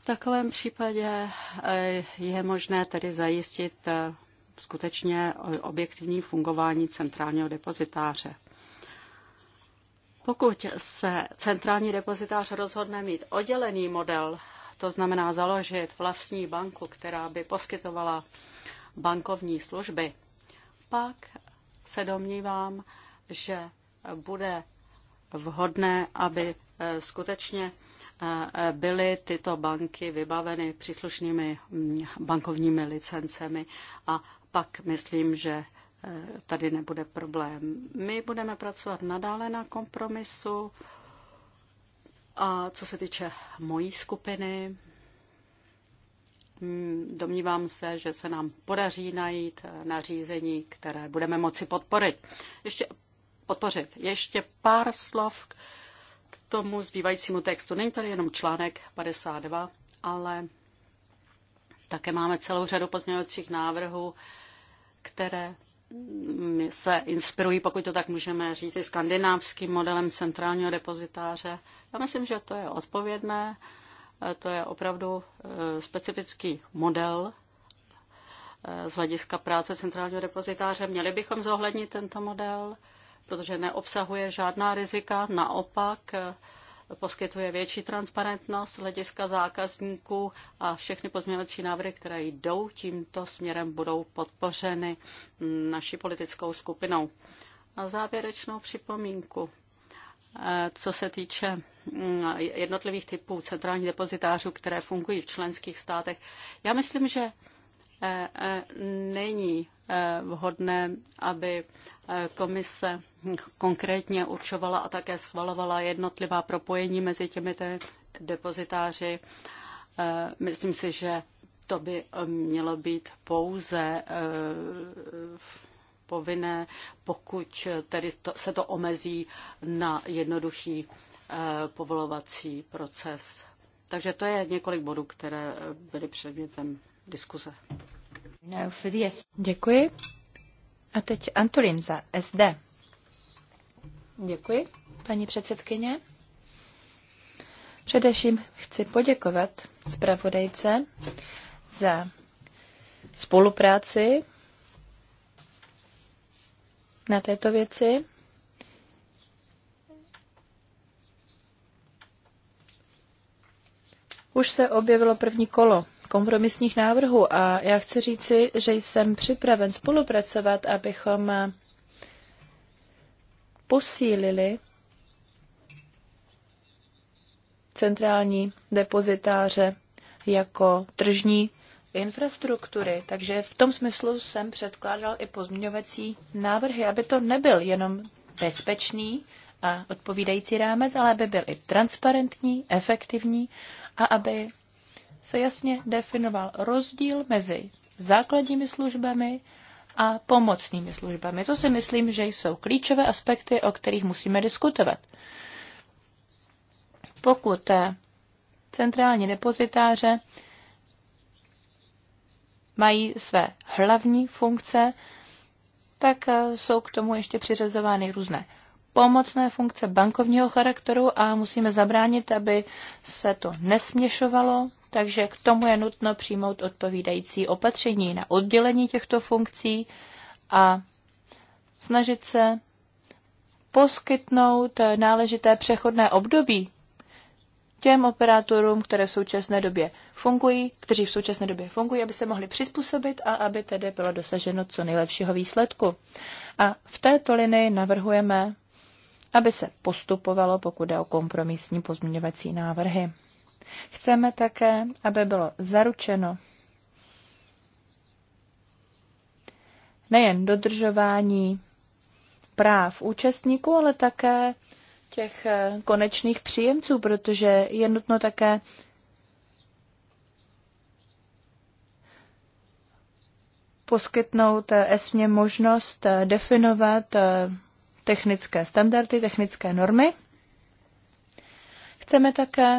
V takovém případě eh, je možné tedy zajistit eh, skutečně objektivní fungování centrálního depozitáře. Pokud se centrální depozitář rozhodne mít oddělený model, to znamená založit vlastní banku, která by poskytovala bankovní služby, pak se domnívám, že bude vhodné, aby eh, skutečně eh, byly tyto banky vybaveny příslušnými mm, bankovními licencemi a pak myslím, že tady nebude problém. My budeme pracovat nadále na kompromisu a co se týče mojí skupiny, hmm, domnívám se, že se nám podaří najít nařízení, které budeme moci podporit. Ještě, podpořit. Ještě pár slov k tomu zbývajícímu textu. Není tady jenom článek 52, ale také máme celou řadu pozměňovacích návrhů, které se inspirují, pokud to tak můžeme říct, i skandinávským modelem centrálního depozitáře. Já myslím, že to je odpovědné, to je opravdu eh, specifický model eh, z hlediska práce centrálního depozitáře. Měli bychom zohlednit tento model, protože neobsahuje žádná rizika, naopak eh, poskytuje větší transparentnost hlediska zákazníků a všechny pozměňovací návrhy, které jdou tímto směrem, budou podpořeny naší politickou skupinou. A závěrečnou připomínku. Eh, co se týče mm, jednotlivých typů centrálních depozitářů, které fungují v členských státech, já myslím, že eh, eh, není vhodné, aby eh, komise konkrétně určovala a také schvalovala jednotlivá propojení mezi těmito depozitáři. Eh, myslím si, že to by eh, mělo být pouze povinné, pokud tedy to, se to omezí na jednoduchý povolovací proces. Takže to je několik bodů, které byly předmětem diskuze. No, Děkuji. A teď Antolin za SD. Děkuji, paní předsedkyně. Především chci poděkovat zpravodajce za spolupráci na této věci. Už se objevilo první kolo kompromisních návrhů a já chci říci, že jsem připraven spolupracovat, abychom posílili centrální depozitáře jako tržní infrastruktury. Takže v tom smyslu jsem předkládal i pozměňovací návrhy, aby to nebyl jenom bezpečný a odpovídající rámec, ale aby byl i transparentní, efektivní a aby se jasně definoval rozdíl mezi základními službami a pomocnými službami. To si myslím, že jsou klíčové aspekty, o kterých musíme diskutovat. Pokud eh, centrální depozitáře mají své hlavní funkce, tak eh, jsou k tomu ještě přiřazovány různé pomocné funkce bankovního charakteru a musíme zabránit, aby se to nesměšovalo takže k tomu je nutno přijmout odpovídající opatření na oddělení těchto funkcí a snažit se poskytnout náležité přechodné období těm operátorům, které v současné době fungují, kteří v současné době fungují, aby se mohli přizpůsobit a aby tedy bylo dosaženo co nejlepšího výsledku. A v této linii navrhujeme, aby se postupovalo, pokud jde o kompromisní pozměňovací návrhy. Chceme také, aby bylo zaručeno nejen dodržování práv účastníků, ale také těch eh, konečných příjemců, protože je nutno také poskytnout eh, ESMě možnost eh, definovat technické standardy, technické normy. Chceme také,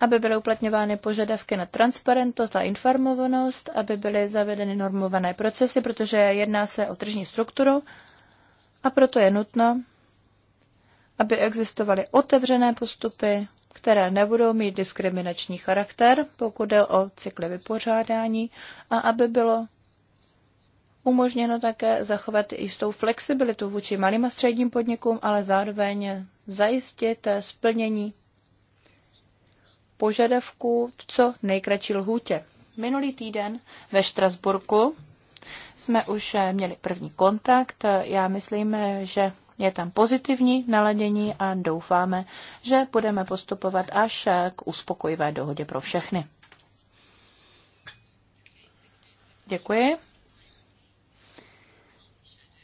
aby byly uplatňovány požadavky na transparentnost a informovanost, aby byly zavedeny normované procesy, protože jedná se o tržní strukturu a proto je nutno, aby existovaly otevřené postupy, které nebudou mít diskriminační charakter, pokud jde o cykly vypořádání, a aby bylo umožněno také zachovat jistou flexibilitu vůči malým a středním podnikům, ale zároveň zajistit splnění požadavků v co nejkratší lhůtě. Minulý týden ve Štrasburku jsme už eh, měli první kontakt. Já myslím, že je tam pozitivní naladění a doufáme, že budeme postupovat až eh, k uspokojivé dohodě pro všechny. Děkuji.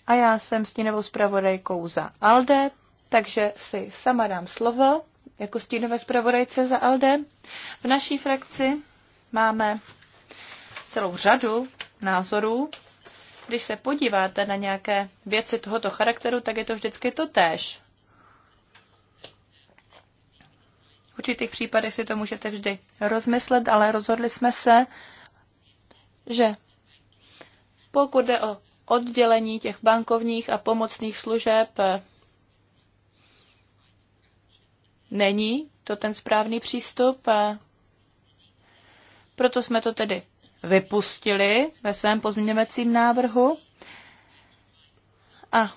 A já jsem stínovou zpravodajkou za ALDE, takže si sama dám slovo jako stínové zpravodajce za ALDE. V naší frakci máme celou řadu názorů. Když se podíváte na nějaké věci tohoto charakteru, tak je to vždycky to též. V určitých případech si to můžete vždy rozmyslet, ale rozhodli jsme se, že pokud jde o oddělení těch bankovních a pomocných služeb Není to ten správný přístup, a proto jsme to tedy vypustili ve svém pozměňovacím návrhu. A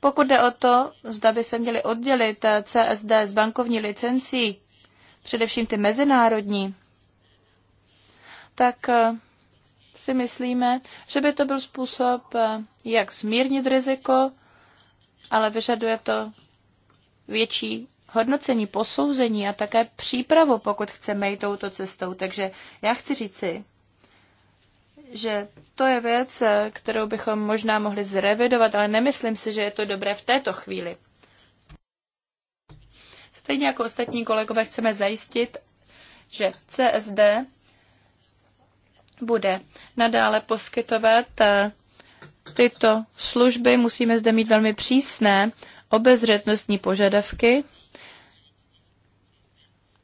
pokud jde o to, zda by se měli oddělit eh, CSD s bankovní licencí, především ty mezinárodní, tak eh, si myslíme, že by to byl způsob, eh, jak zmírnit riziko, ale vyžaduje to větší hodnocení, posouzení a také přípravu, pokud chceme jít touto cestou. Takže já chci říci, že to je věc, kterou bychom možná mohli zrevidovat, ale nemyslím si, že je to dobré v této chvíli. Stejně jako ostatní kolegové chceme zajistit, že CSD bude nadále poskytovat eh, tyto služby. Musíme zde mít velmi přísné obezřetnostní požadavky,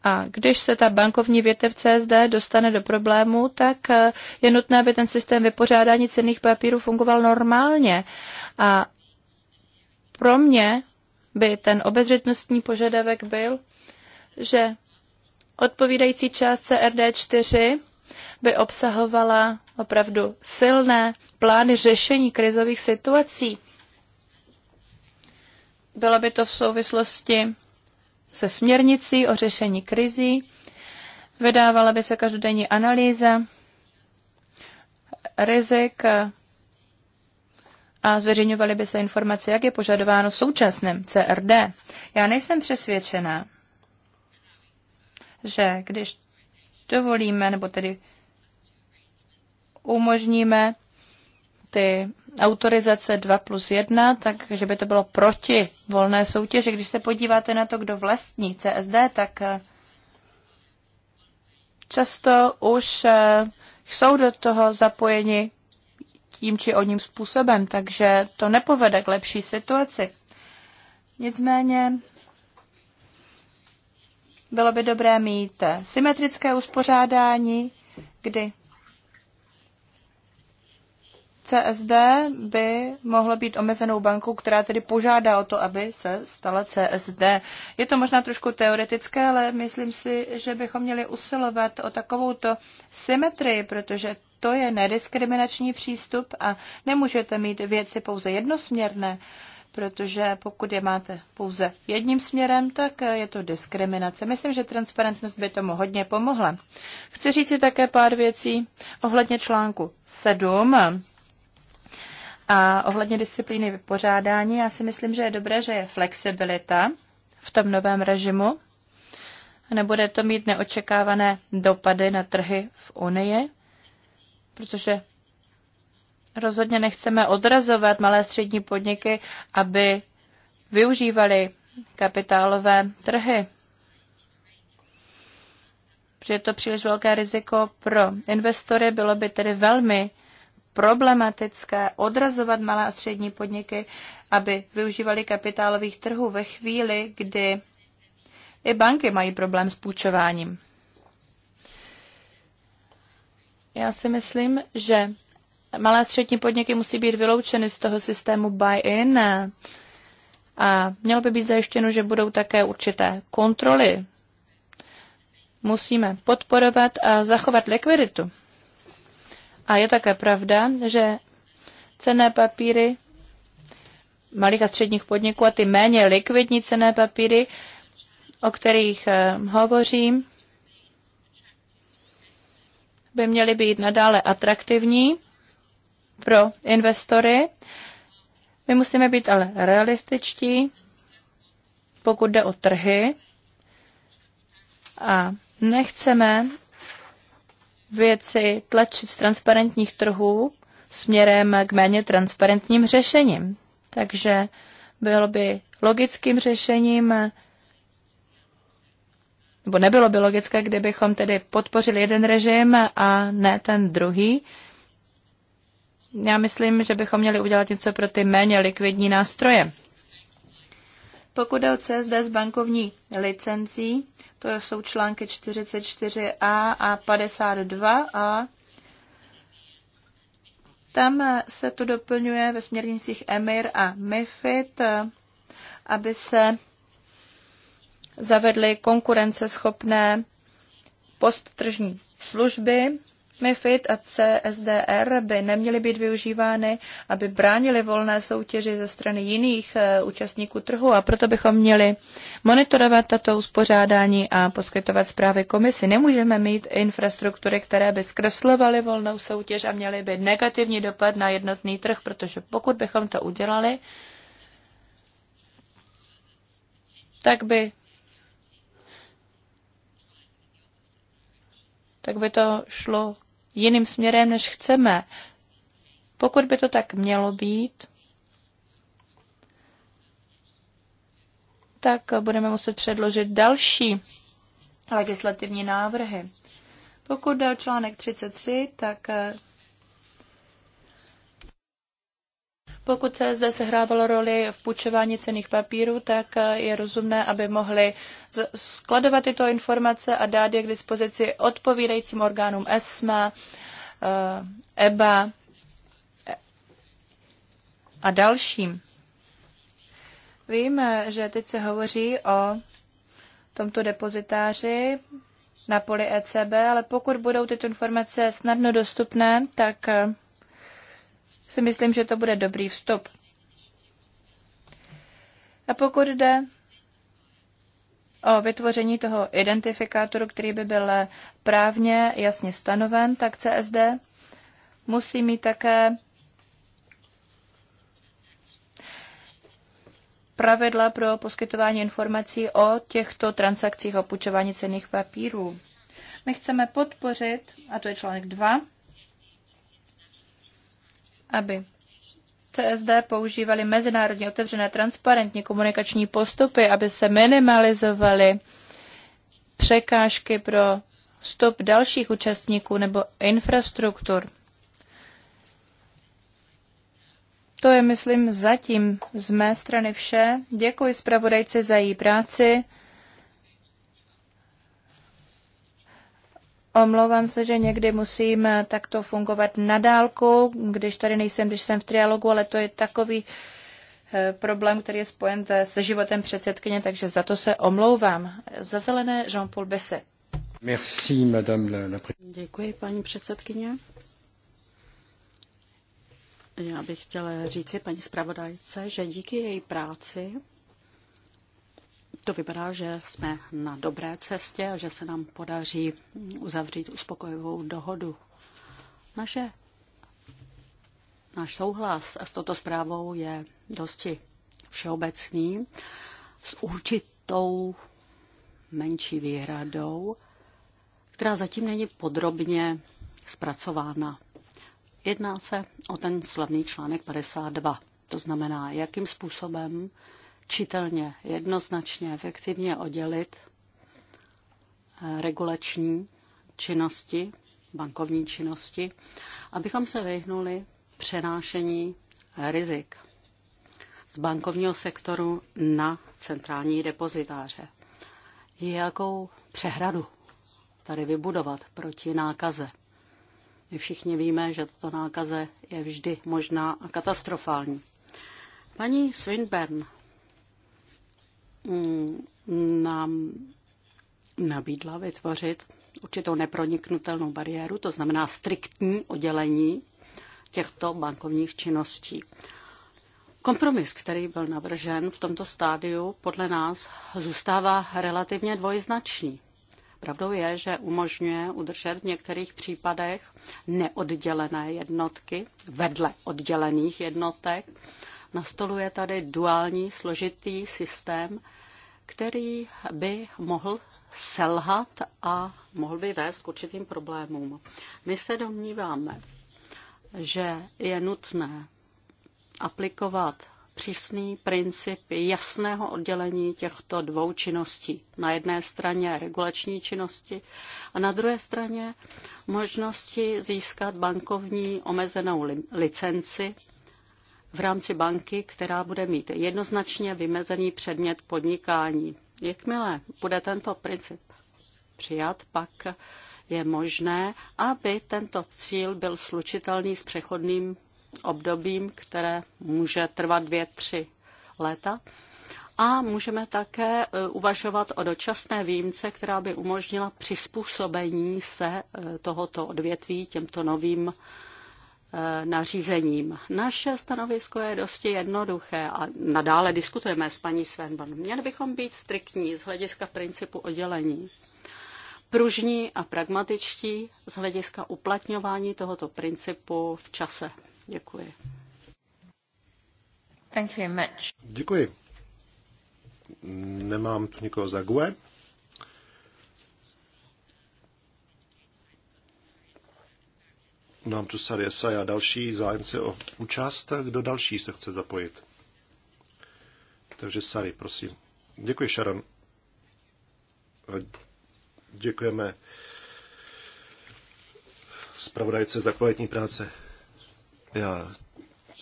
a když se ta bankovní větev CSD dostane do problému, tak eh, je nutné, aby ten systém vypořádání cenných papírů fungoval normálně. A pro mě by ten obezřetnostní požadavek byl, že odpovídající část CRD4 by obsahovala opravdu silné plány řešení krizových situací. Bylo by to v souvislosti se směrnicí o řešení krizí, vydávala by se každodenní analýza rizik a zveřejňovaly by se informace, jak je požadováno v současném CRD. Já nejsem přesvědčená, že když dovolíme, nebo tedy umožníme ty autorizace 2 plus 1, takže by to bylo proti volné soutěži. Když se podíváte na to, kdo vlastní CSD, tak eh, často už eh, jsou do toho zapojeni tím či oním způsobem, takže to nepovede k lepší situaci. Nicméně bylo by dobré mít eh, symetrické uspořádání, kdy CSD by mohlo být omezenou bankou, která tedy požádá o to, aby se stala CSD. Je to možná trošku teoretické, ale myslím si, že bychom měli usilovat o takovouto symetrii, protože to je nediskriminační přístup a nemůžete mít věci pouze jednosměrné, protože pokud je máte pouze jedním směrem, tak je to diskriminace. Myslím, že transparentnost by tomu hodně pomohla. Chci říct si také pár věcí ohledně článku 7 a ohledně disciplíny vypořádání, já si myslím, že je dobré, že je flexibilita v tom novém režimu. Nebude to mít neočekávané dopady na trhy v Unii, protože rozhodně nechceme odrazovat malé střední podniky, aby využívali kapitálové trhy. Protože je to příliš velké riziko pro investory, bylo by tedy velmi problematické odrazovat malé a střední podniky, aby využívali kapitálových trhů ve chvíli, kdy i banky mají problém s půjčováním. Já si myslím, že malé a střední podniky musí být vyloučeny z toho systému buy-in a mělo by být zajištěno, že budou také určité kontroly. Musíme podporovat a zachovat likviditu. A je také pravda, že cené papíry malých a středních podniků a ty méně likvidní cené papíry, o kterých eh, hovořím, by měly být nadále atraktivní pro investory. My musíme být ale realističtí, pokud jde o trhy a nechceme věci tlačit z transparentních trhů směrem k méně transparentním řešením. Takže bylo by logickým řešením, nebo nebylo by logické, kdybychom tedy podpořili jeden režim a ne ten druhý. Já myslím, že bychom měli udělat něco pro ty méně likvidní nástroje. Pokud jde o CSD s bankovní licencí, to jsou články 44a a 52a, tam se to doplňuje ve směrnicích EMIR a MIFID, aby se zavedly konkurenceschopné posttržní služby MIFID a CSDR by neměly být využívány, aby bránili volné soutěži ze strany jiných eh, účastníků trhu a proto bychom měli monitorovat tato uspořádání a poskytovat zprávy komisi. Nemůžeme mít infrastruktury, které by zkreslovaly volnou soutěž a měly by negativní dopad na jednotný trh, protože pokud bychom to udělali, tak by tak by to šlo jiným směrem, než chceme. Pokud by to tak mělo být, tak budeme muset předložit další legislativní návrhy. Pokud jde o článek 33, tak Pokud se zde sehrávalo roli v půjčování cených papírů, tak eh, je rozumné, aby mohli skladovat tyto informace a dát je k dispozici odpovídajícím orgánům ESMA, eh, EBA eh, a dalším. Vím, že teď se hovoří o tomto depozitáři na poli ECB, ale pokud budou tyto informace snadno dostupné, tak si myslím, že to bude dobrý vstup. A pokud jde o vytvoření toho identifikátoru, který by byl právně jasně stanoven, tak CSD musí mít také pravidla pro poskytování informací o těchto transakcích o půjčování cených papírů. My chceme podpořit, a to je článek 2, aby CSD používali mezinárodně otevřené transparentní komunikační postupy, aby se minimalizovaly překážky pro vstup dalších účastníků nebo infrastruktur. To je, myslím, zatím z mé strany vše. Děkuji zpravodajci za její práci. Omlouvám se, že někdy musím eh, takto fungovat na dálku, když tady nejsem, když jsem v trialogu, ale to je takový eh, problém, který je spojen se životem předsedkyně, takže za to se omlouvám. Za zelené Jean-Paul Besse. Merci, madame la... Děkuji, paní předsedkyně. Já bych chtěla říci paní zpravodajce, že díky její práci to vypadá, že jsme na dobré cestě a že se nám podaří uzavřít uspokojivou dohodu. Naše, náš souhlas s touto zprávou je dosti všeobecný, s určitou menší výhradou, která zatím není podrobně zpracována. Jedná se o ten slavný článek 52. To znamená, jakým způsobem čitelně, jednoznačně, efektivně oddělit eh, regulační činnosti, bankovní činnosti, abychom se vyhnuli přenášení rizik z bankovního sektoru na centrální depozitáře. Jakou přehradu tady vybudovat proti nákaze? My všichni víme, že tato nákaze je vždy možná a katastrofální. Paní Swinburne Mm, nám nabídla vytvořit určitou neproniknutelnou bariéru, to znamená striktní oddělení těchto bankovních činností. Kompromis, který byl navržen v tomto stádiu, podle nás zůstává relativně dvojznačný. Pravdou je, že umožňuje udržet v některých případech neoddělené jednotky vedle oddělených jednotek nastoluje tady duální složitý systém, který by mohl selhat a mohl by vést k určitým problémům. My se domníváme, že je nutné aplikovat přísný princip jasného oddělení těchto dvou činností. Na jedné straně regulační činnosti a na druhé straně možnosti získat bankovní omezenou licenci v rámci banky, která bude mít jednoznačně vymezený předmět podnikání. Jakmile bude tento princip přijat, pak je možné, aby tento cíl byl slučitelný s přechodným obdobím, které může trvat dvě, tři léta. A můžeme také e, uvažovat o dočasné výjimce, která by umožnila přizpůsobení se e, tohoto odvětví těmto novým Eh, nařízením. Naše stanovisko je dosti jednoduché a nadále diskutujeme s paní Svenban. Měli bychom být striktní z hlediska principu oddělení. Pružní a pragmatičtí z hlediska uplatňování tohoto principu v čase. Děkuji. Thank you very much. Děkuji. Nemám tu nikoho za GUE. Mám tu Sariesa a další zájemce o účast. Kdo další se chce zapojit? Takže Sari, prosím. Děkuji, Sharon. Děkujeme zpravodajce za kvalitní práce. Já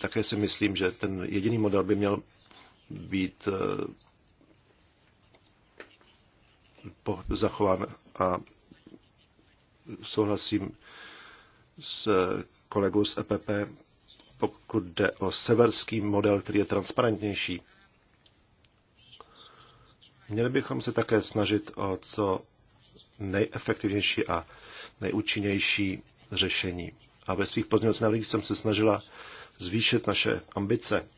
také si myslím, že ten jediný model by měl být eh, zachován a souhlasím s kolegou z EPP, pokud jde o severský model, který je transparentnější. Měli bychom se také snažit o co nejefektivnější a nejúčinnější řešení. A ve svých pozměňovacích návrhích jsem se snažila zvýšit naše ambice.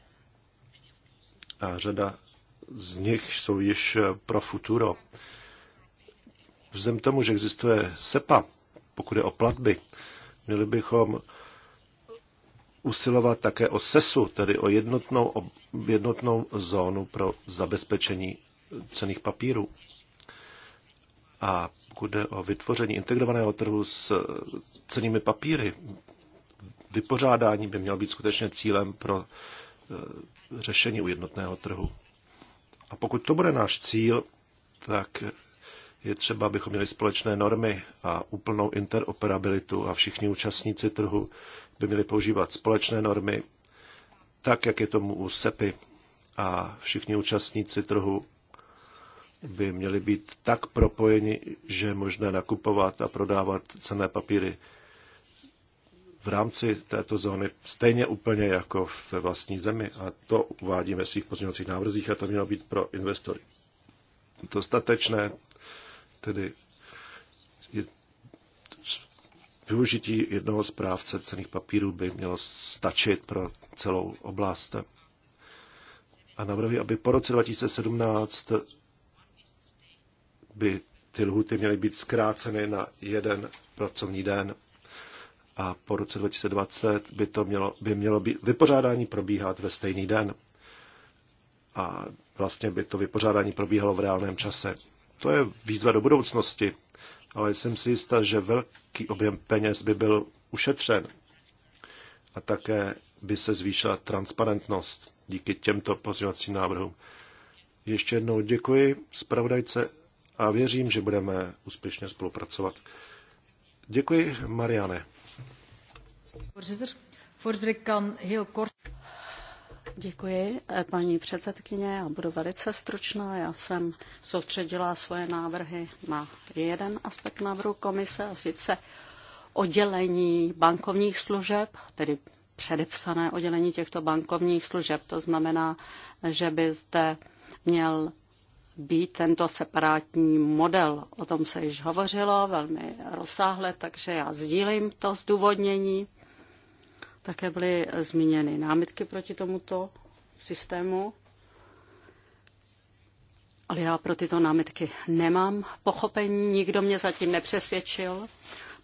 A řada z nich jsou již pro futuro. Vzhledem tomu, že existuje SEPA, pokud je o platby, Měli bychom usilovat také o SESu, tedy o jednotnou, o jednotnou zónu pro zabezpečení cených papírů. A pokud jde o vytvoření integrovaného trhu s cenými papíry, vypořádání by mělo být skutečně cílem pro e, řešení u jednotného trhu. A pokud to bude náš cíl, tak je třeba, abychom měli společné normy a úplnou interoperabilitu a všichni účastníci trhu by měli používat společné normy, tak, jak je tomu u SEPy a všichni účastníci trhu by měli být tak propojeni, že je možné nakupovat a prodávat cené papíry v rámci této zóny stejně úplně jako ve vlastní zemi. A to uvádíme v svých pozměňovacích návrzích a to mělo být pro investory dostatečné, tedy je, využití jednoho správce cených papírů by mělo stačit pro celou oblast. A navrhuji, aby po roce 2017 by ty lhuty měly být zkráceny na jeden pracovní den a po roce 2020 by to mělo, by mělo být vypořádání probíhat ve stejný den. A vlastně by to vypořádání probíhalo v reálném čase. To je výzva do budoucnosti, ale jsem si jistá, že velký objem peněz by byl ušetřen a také by se zvýšila transparentnost díky těmto pozměňovacím návrhům. Ještě jednou děkuji zpravodajce a věřím, že budeme úspěšně spolupracovat. Děkuji, Mariane. Děkuji, eh, paní předsedkyně. Já budu velice stručná. Já jsem soustředila svoje návrhy na jeden aspekt návrhu komise, a sice oddělení bankovních služeb, tedy předepsané oddělení těchto bankovních služeb. To znamená, že by zde měl být tento separátní model. O tom se již hovořilo velmi rozsáhle, takže já sdílím to zdůvodnění. Také byly zmíněny námitky proti tomuto systému, ale já pro tyto námitky nemám pochopení, nikdo mě zatím nepřesvědčil,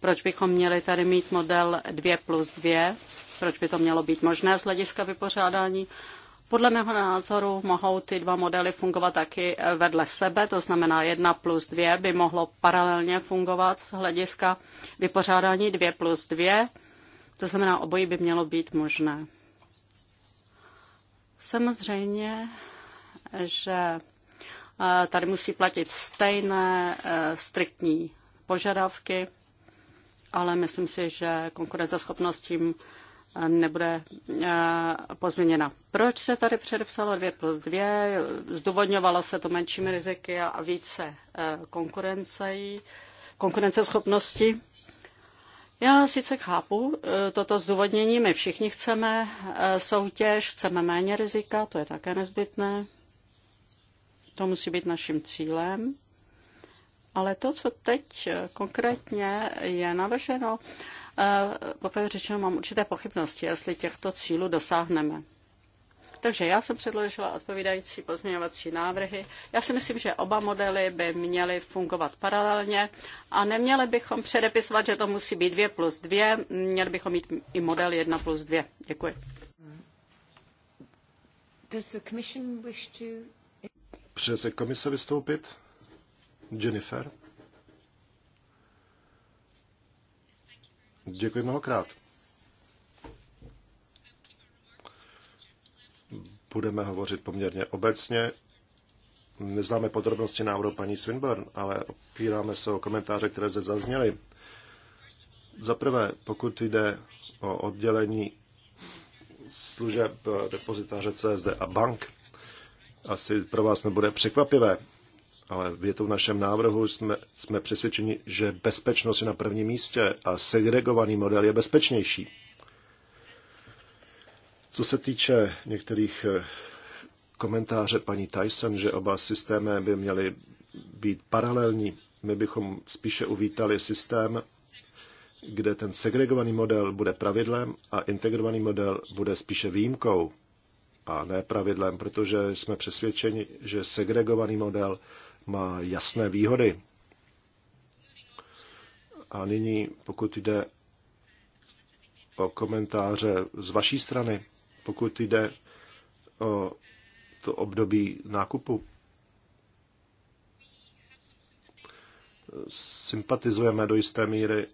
proč bychom měli tady mít model 2 plus 2, proč by to mělo být možné z hlediska vypořádání. Podle mého názoru mohou ty dva modely fungovat taky vedle sebe, to znamená 1 plus 2 by mohlo paralelně fungovat z hlediska vypořádání 2 plus 2 to znamená, obojí by mělo být možné. Samozřejmě, že eh, tady musí platit stejné eh, striktní požadavky, ale myslím si, že konkurenceschopnost tím eh, nebude pozměněna. Proč se tady předepsalo 2 plus 2? Zdůvodňovalo se to menšími riziky a více konkurencejí, konkurenceschopnosti. Já sice chápu eh, toto zdůvodnění, my všichni chceme eh, soutěž, chceme méně rizika, to je také nezbytné. To musí být naším cílem. Ale to, co teď eh, konkrétně je navrženo, poprvé řečeno, mám určité pochybnosti, jestli těchto cílů dosáhneme. Takže já jsem předložila odpovídající pozměňovací návrhy. Já si myslím, že oba modely by měly fungovat paralelně a neměli bychom předepisovat, že to musí být 2 plus 2, měli bychom mít i model 1 plus 2. Děkuji. Does Přeje se komise vystoupit? Jennifer? Děkuji mnohokrát. budeme hovořit poměrně obecně. Neznáme podrobnosti návrhu paní Swinburne, ale opíráme se o komentáře, které zde zazněly. Za prvé, pokud jde o oddělení služeb depozitáře CSD a bank, asi pro vás nebude překvapivé, ale větou v našem návrhu jsme, jsme přesvědčeni, že bezpečnost je na prvním místě a segregovaný model je bezpečnější. Co se týče některých eh, komentáře paní Tyson, že oba systémy by měly být paralelní, my bychom spíše uvítali systém, kde ten segregovaný model bude pravidlem a integrovaný model bude spíše výjimkou a ne pravidlem, protože jsme přesvědčeni, že segregovaný model má jasné výhody. A nyní, pokud jde o komentáře z vaší strany, pokud jde o to období nákupu. Sympatizujeme do jisté míry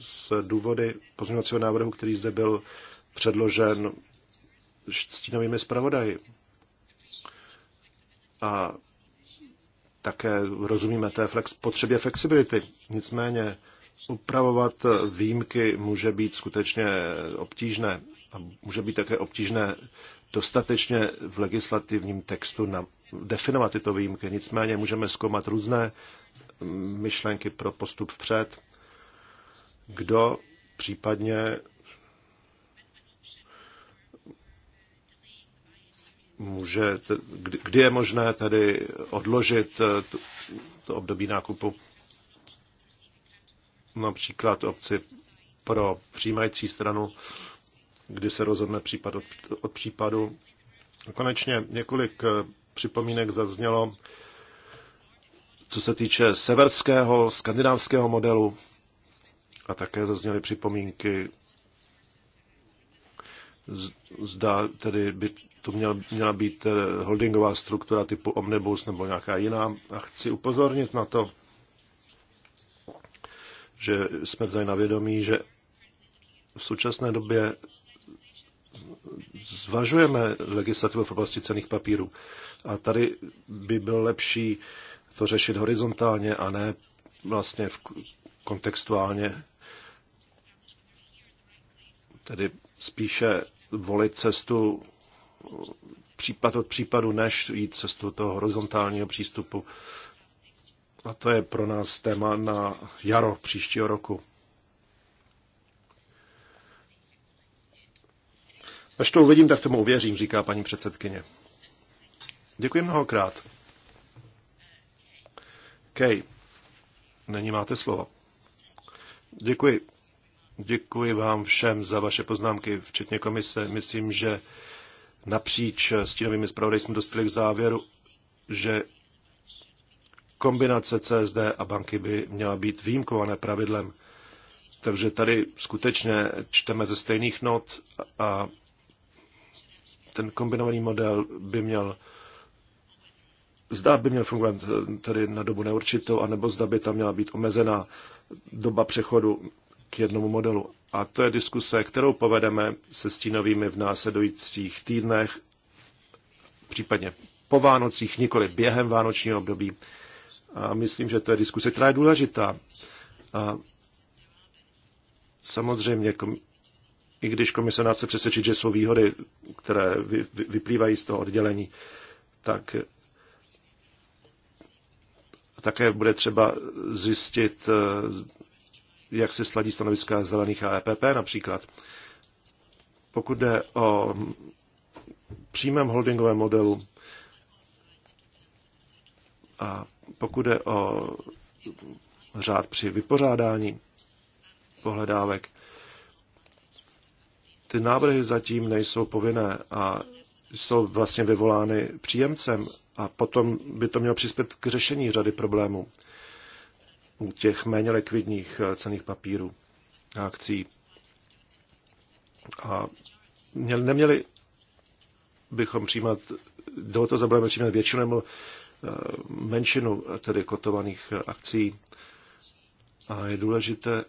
s důvody pozměňovacího návrhu, který zde byl předložen stínovými zpravodaji. A také rozumíme té flex, potřebě flexibility. Nicméně upravovat výjimky může být skutečně obtížné a může být také obtížné dostatečně v legislativním textu na, definovat tyto výjimky. Nicméně můžeme zkoumat různé myšlenky pro postup vpřed, kdo případně může, kdy je možné tady odložit eh, to, to období nákupu například obci pro přijímající stranu kdy se rozhodne případ od, od případu. Konečně několik eh, připomínek zaznělo, co se týče severského, skandinávského modelu a také zazněly připomínky, zda tedy by to měla, měla být eh, holdingová struktura typu Omnibus nebo nějaká jiná. A chci upozornit na to, že jsme vzali na vědomí, že v současné době zvažujeme legislativu v oblasti cených papírů. A tady by bylo lepší to řešit horizontálně a ne vlastně v kontextuálně, tedy spíše volit cestu případ od případu, než jít cestu toho horizontálního přístupu. A to je pro nás téma na jaro příštího roku. Až to uvidím, tak tomu uvěřím, říká paní předsedkyně. Děkuji mnohokrát. Kej, není máte slovo. Děkuji. Děkuji vám všem za vaše poznámky, včetně komise. Myslím, že napříč stínovými zpravodaji jsme dostali k závěru, že kombinace CSD a banky by měla být výjimkované pravidlem. Takže tady skutečně čteme ze stejných not a ten kombinovaný model by měl zda by měl fungovat eh, tedy na dobu neurčitou, anebo zda by tam měla být omezená doba přechodu k jednomu modelu. A to je diskuse, kterou povedeme se stínovými v následujících týdnech, případně po Vánocích, nikoli během vánočního období. A myslím, že to je diskuse, která je důležitá. A samozřejmě i když komise nás chce přesvědčit, že jsou výhody, které vyplývají z toho oddělení, tak také bude třeba zjistit, eh, jak se sladí stanoviska zelených a EPP například. Pokud jde o přímém holdingovém modelu a pokud jde o řád při vypořádání pohledávek, ty návrhy zatím nejsou povinné a jsou vlastně vyvolány příjemcem a potom by to mělo přispět k řešení řady problémů u těch méně likvidních eh, cených papírů a akcí. A měli, neměli bychom přijímat, do toho zabudeme přijímat většinu nebo eh, menšinu eh, tedy kotovaných akcí. A je důležité,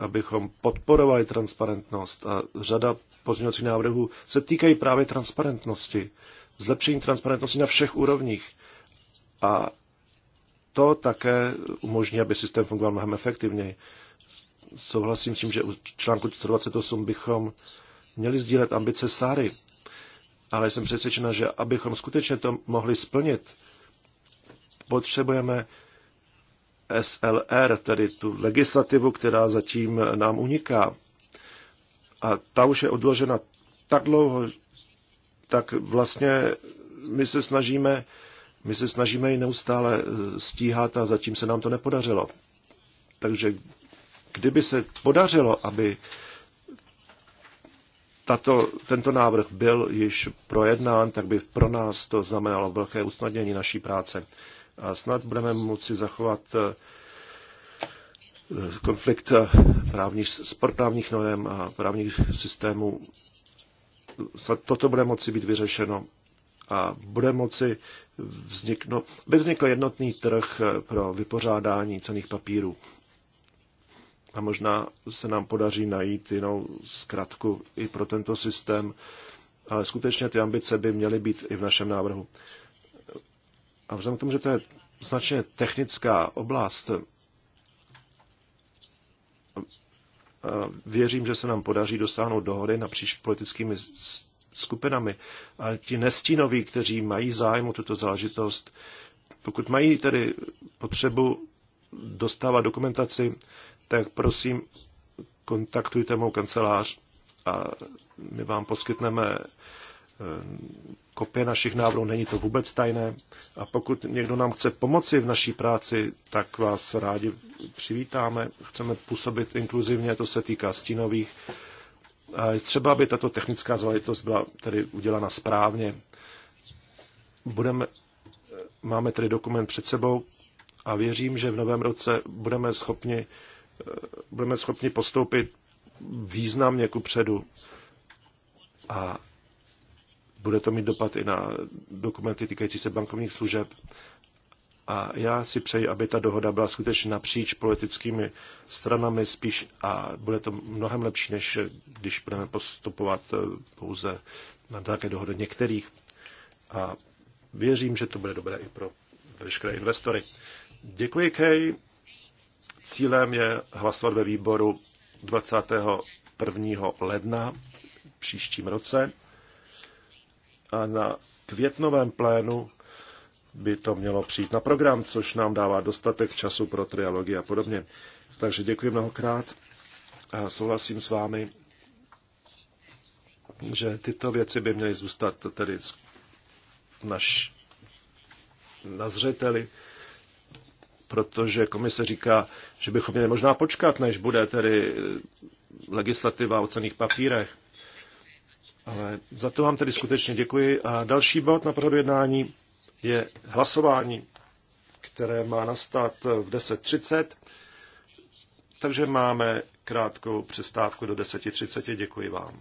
abychom podporovali transparentnost a řada pozměňovacích návrhů se týkají právě transparentnosti, zlepšení transparentnosti na všech úrovních a to také umožní, aby systém fungoval mnohem efektivněji. Souhlasím s tím, že u článku 128 bychom měli sdílet ambice Sáry, ale jsem přesvědčena, že abychom skutečně to mohli splnit, potřebujeme SLR, tedy tu legislativu, která zatím nám uniká. A ta už je odložena tak dlouho, tak vlastně my se snažíme, my se snažíme ji neustále eh, stíhat a zatím se nám to nepodařilo. Takže kdyby se podařilo, aby tato, tento návrh byl již projednán, tak by pro nás to znamenalo velké usnadnění naší práce a snad budeme moci zachovat eh, konflikt eh, právních, spor právních norem a právních systémů. Snad toto bude moci být vyřešeno a bude moci vzniknout, by vznikl jednotný trh eh, pro vypořádání cených papírů. A možná se nám podaří najít jinou zkratku i pro tento systém, ale skutečně ty ambice by měly být i v našem návrhu. A vzhledem k tomu, že to je značně technická oblast, věřím, že se nám podaří dosáhnout dohody napříč politickými skupinami. A ti nestínoví, kteří mají zájem o tuto záležitost, pokud mají tedy potřebu dostávat dokumentaci, tak prosím kontaktujte mou kancelář a my vám poskytneme kopie našich návrhů, není to vůbec tajné. A pokud někdo nám chce pomoci v naší práci, tak vás rádi přivítáme. Chceme působit inkluzivně, to se týká stínových. A třeba aby tato technická záležitost byla tedy udělána správně. Budeme, máme tedy dokument před sebou a věřím, že v novém roce budeme schopni, budeme schopni postoupit významně ku předu. A bude to mít dopad i na dokumenty týkající se bankovních služeb. A já si přeji, aby ta dohoda byla skutečně napříč politickými stranami spíš a bude to mnohem lepší, než když budeme postupovat eh, pouze na také dohody některých. A věřím, že to bude dobré i pro veškeré investory. Děkuji, Kej. Cílem je hlasovat ve výboru 21. ledna příštím roce a na květnovém plénu by to mělo přijít na program, což nám dává dostatek času pro trialogy a podobně. Takže děkuji mnohokrát a souhlasím s vámi, že tyto věci by měly zůstat tedy naš, na zřeteli, protože komise říká, že bychom měli možná počkat, než bude tedy legislativa o cených papírech. Ale za to vám tedy skutečně děkuji. A další bod na pořadu jednání je hlasování, které má nastat v 10.30. Takže máme krátkou přestávku do 10.30. Děkuji vám.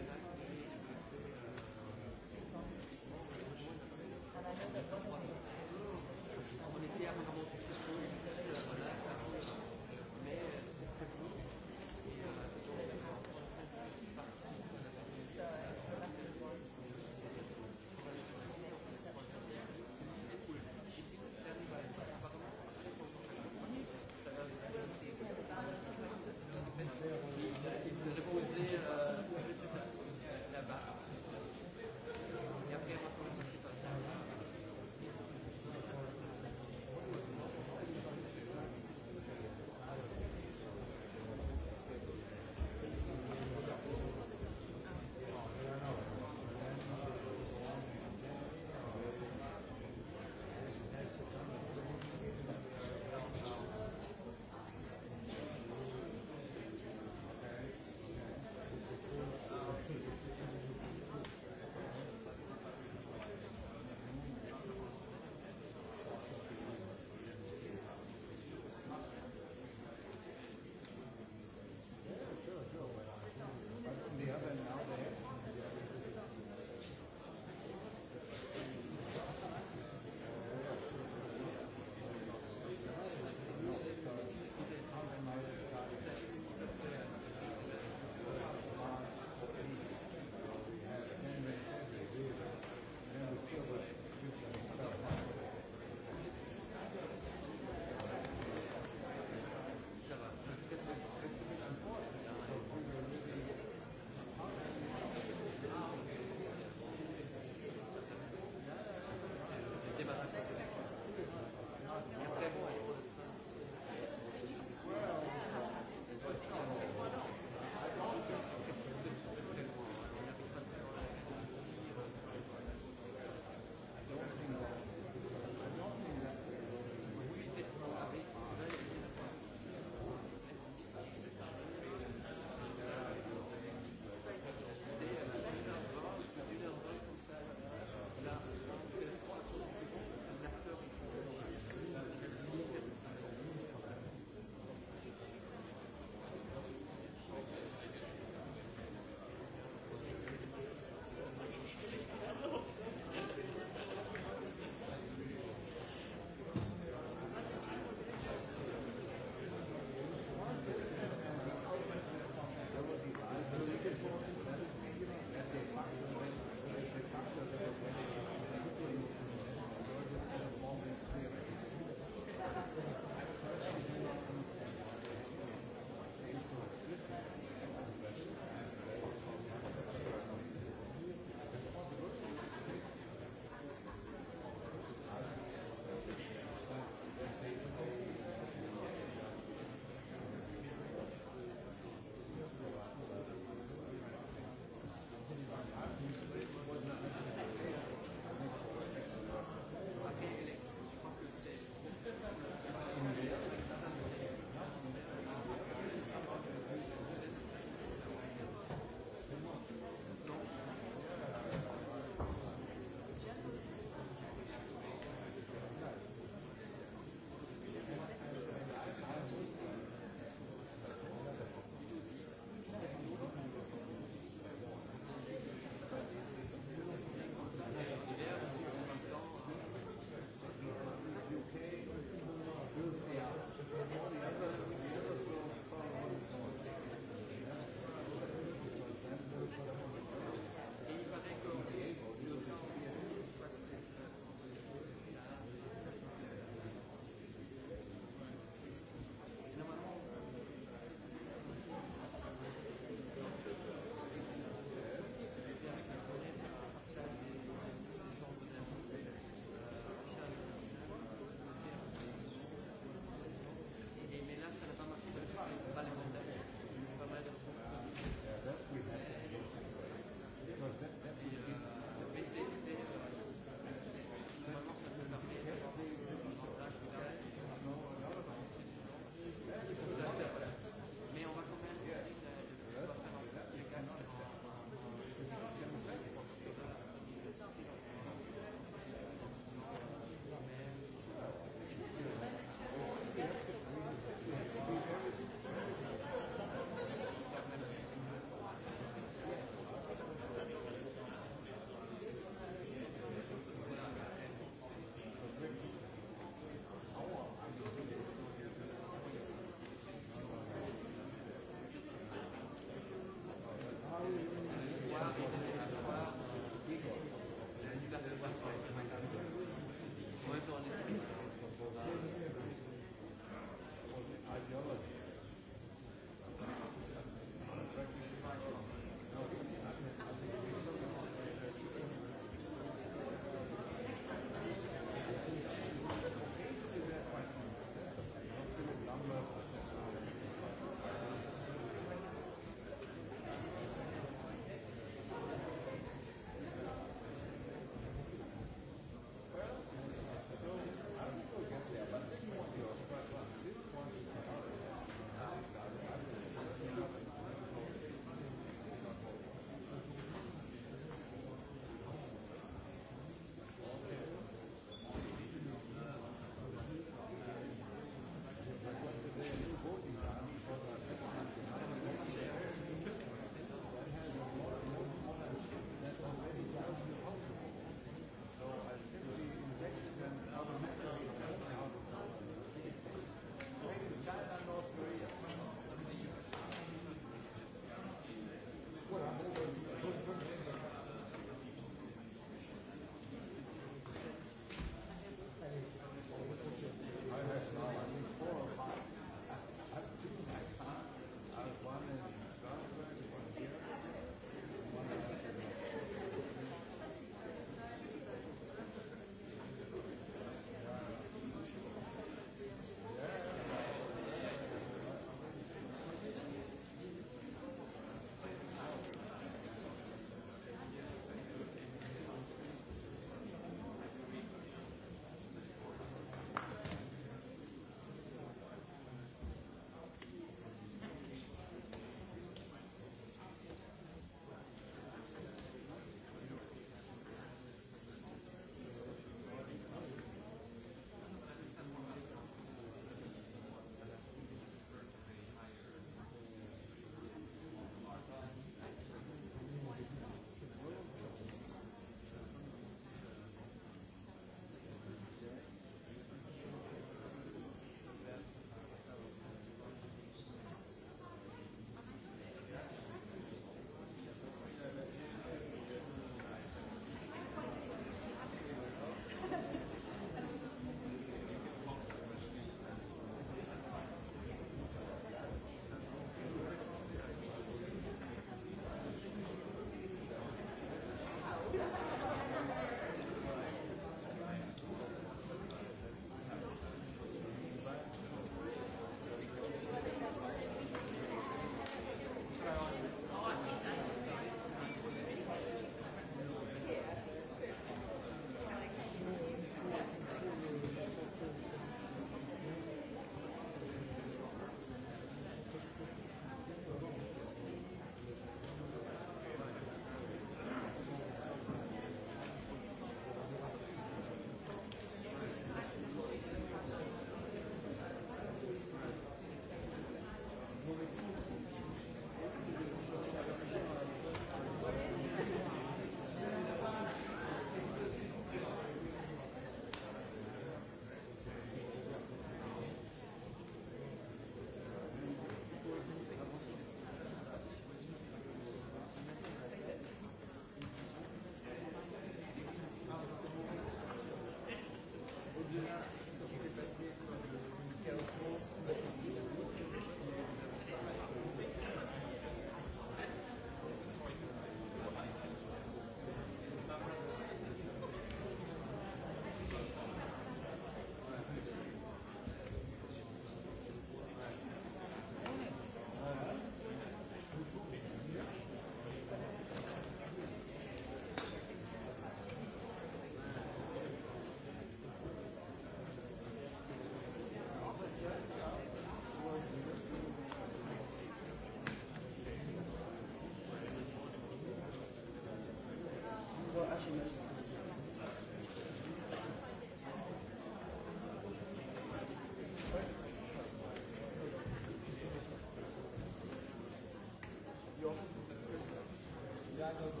Gracias.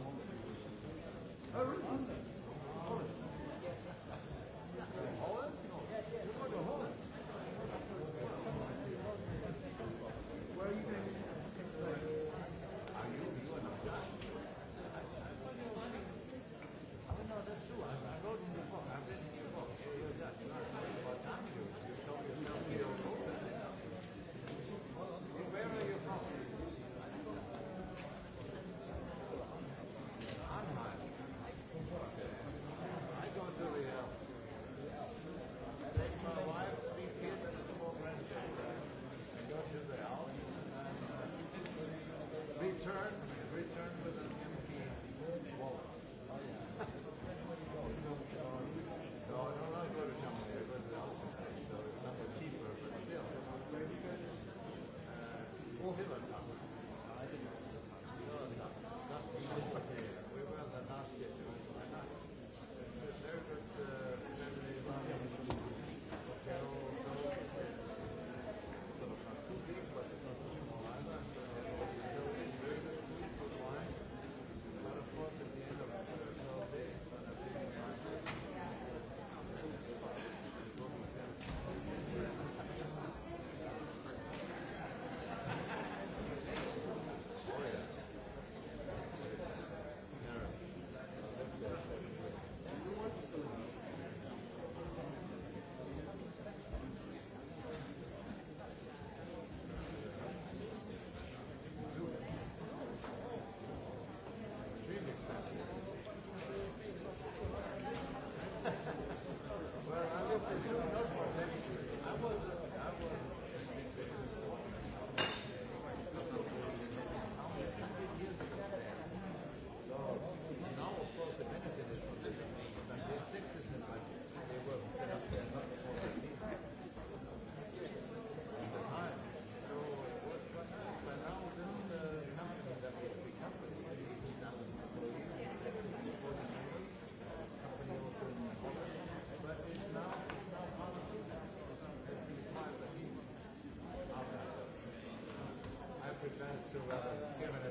Děkujeme.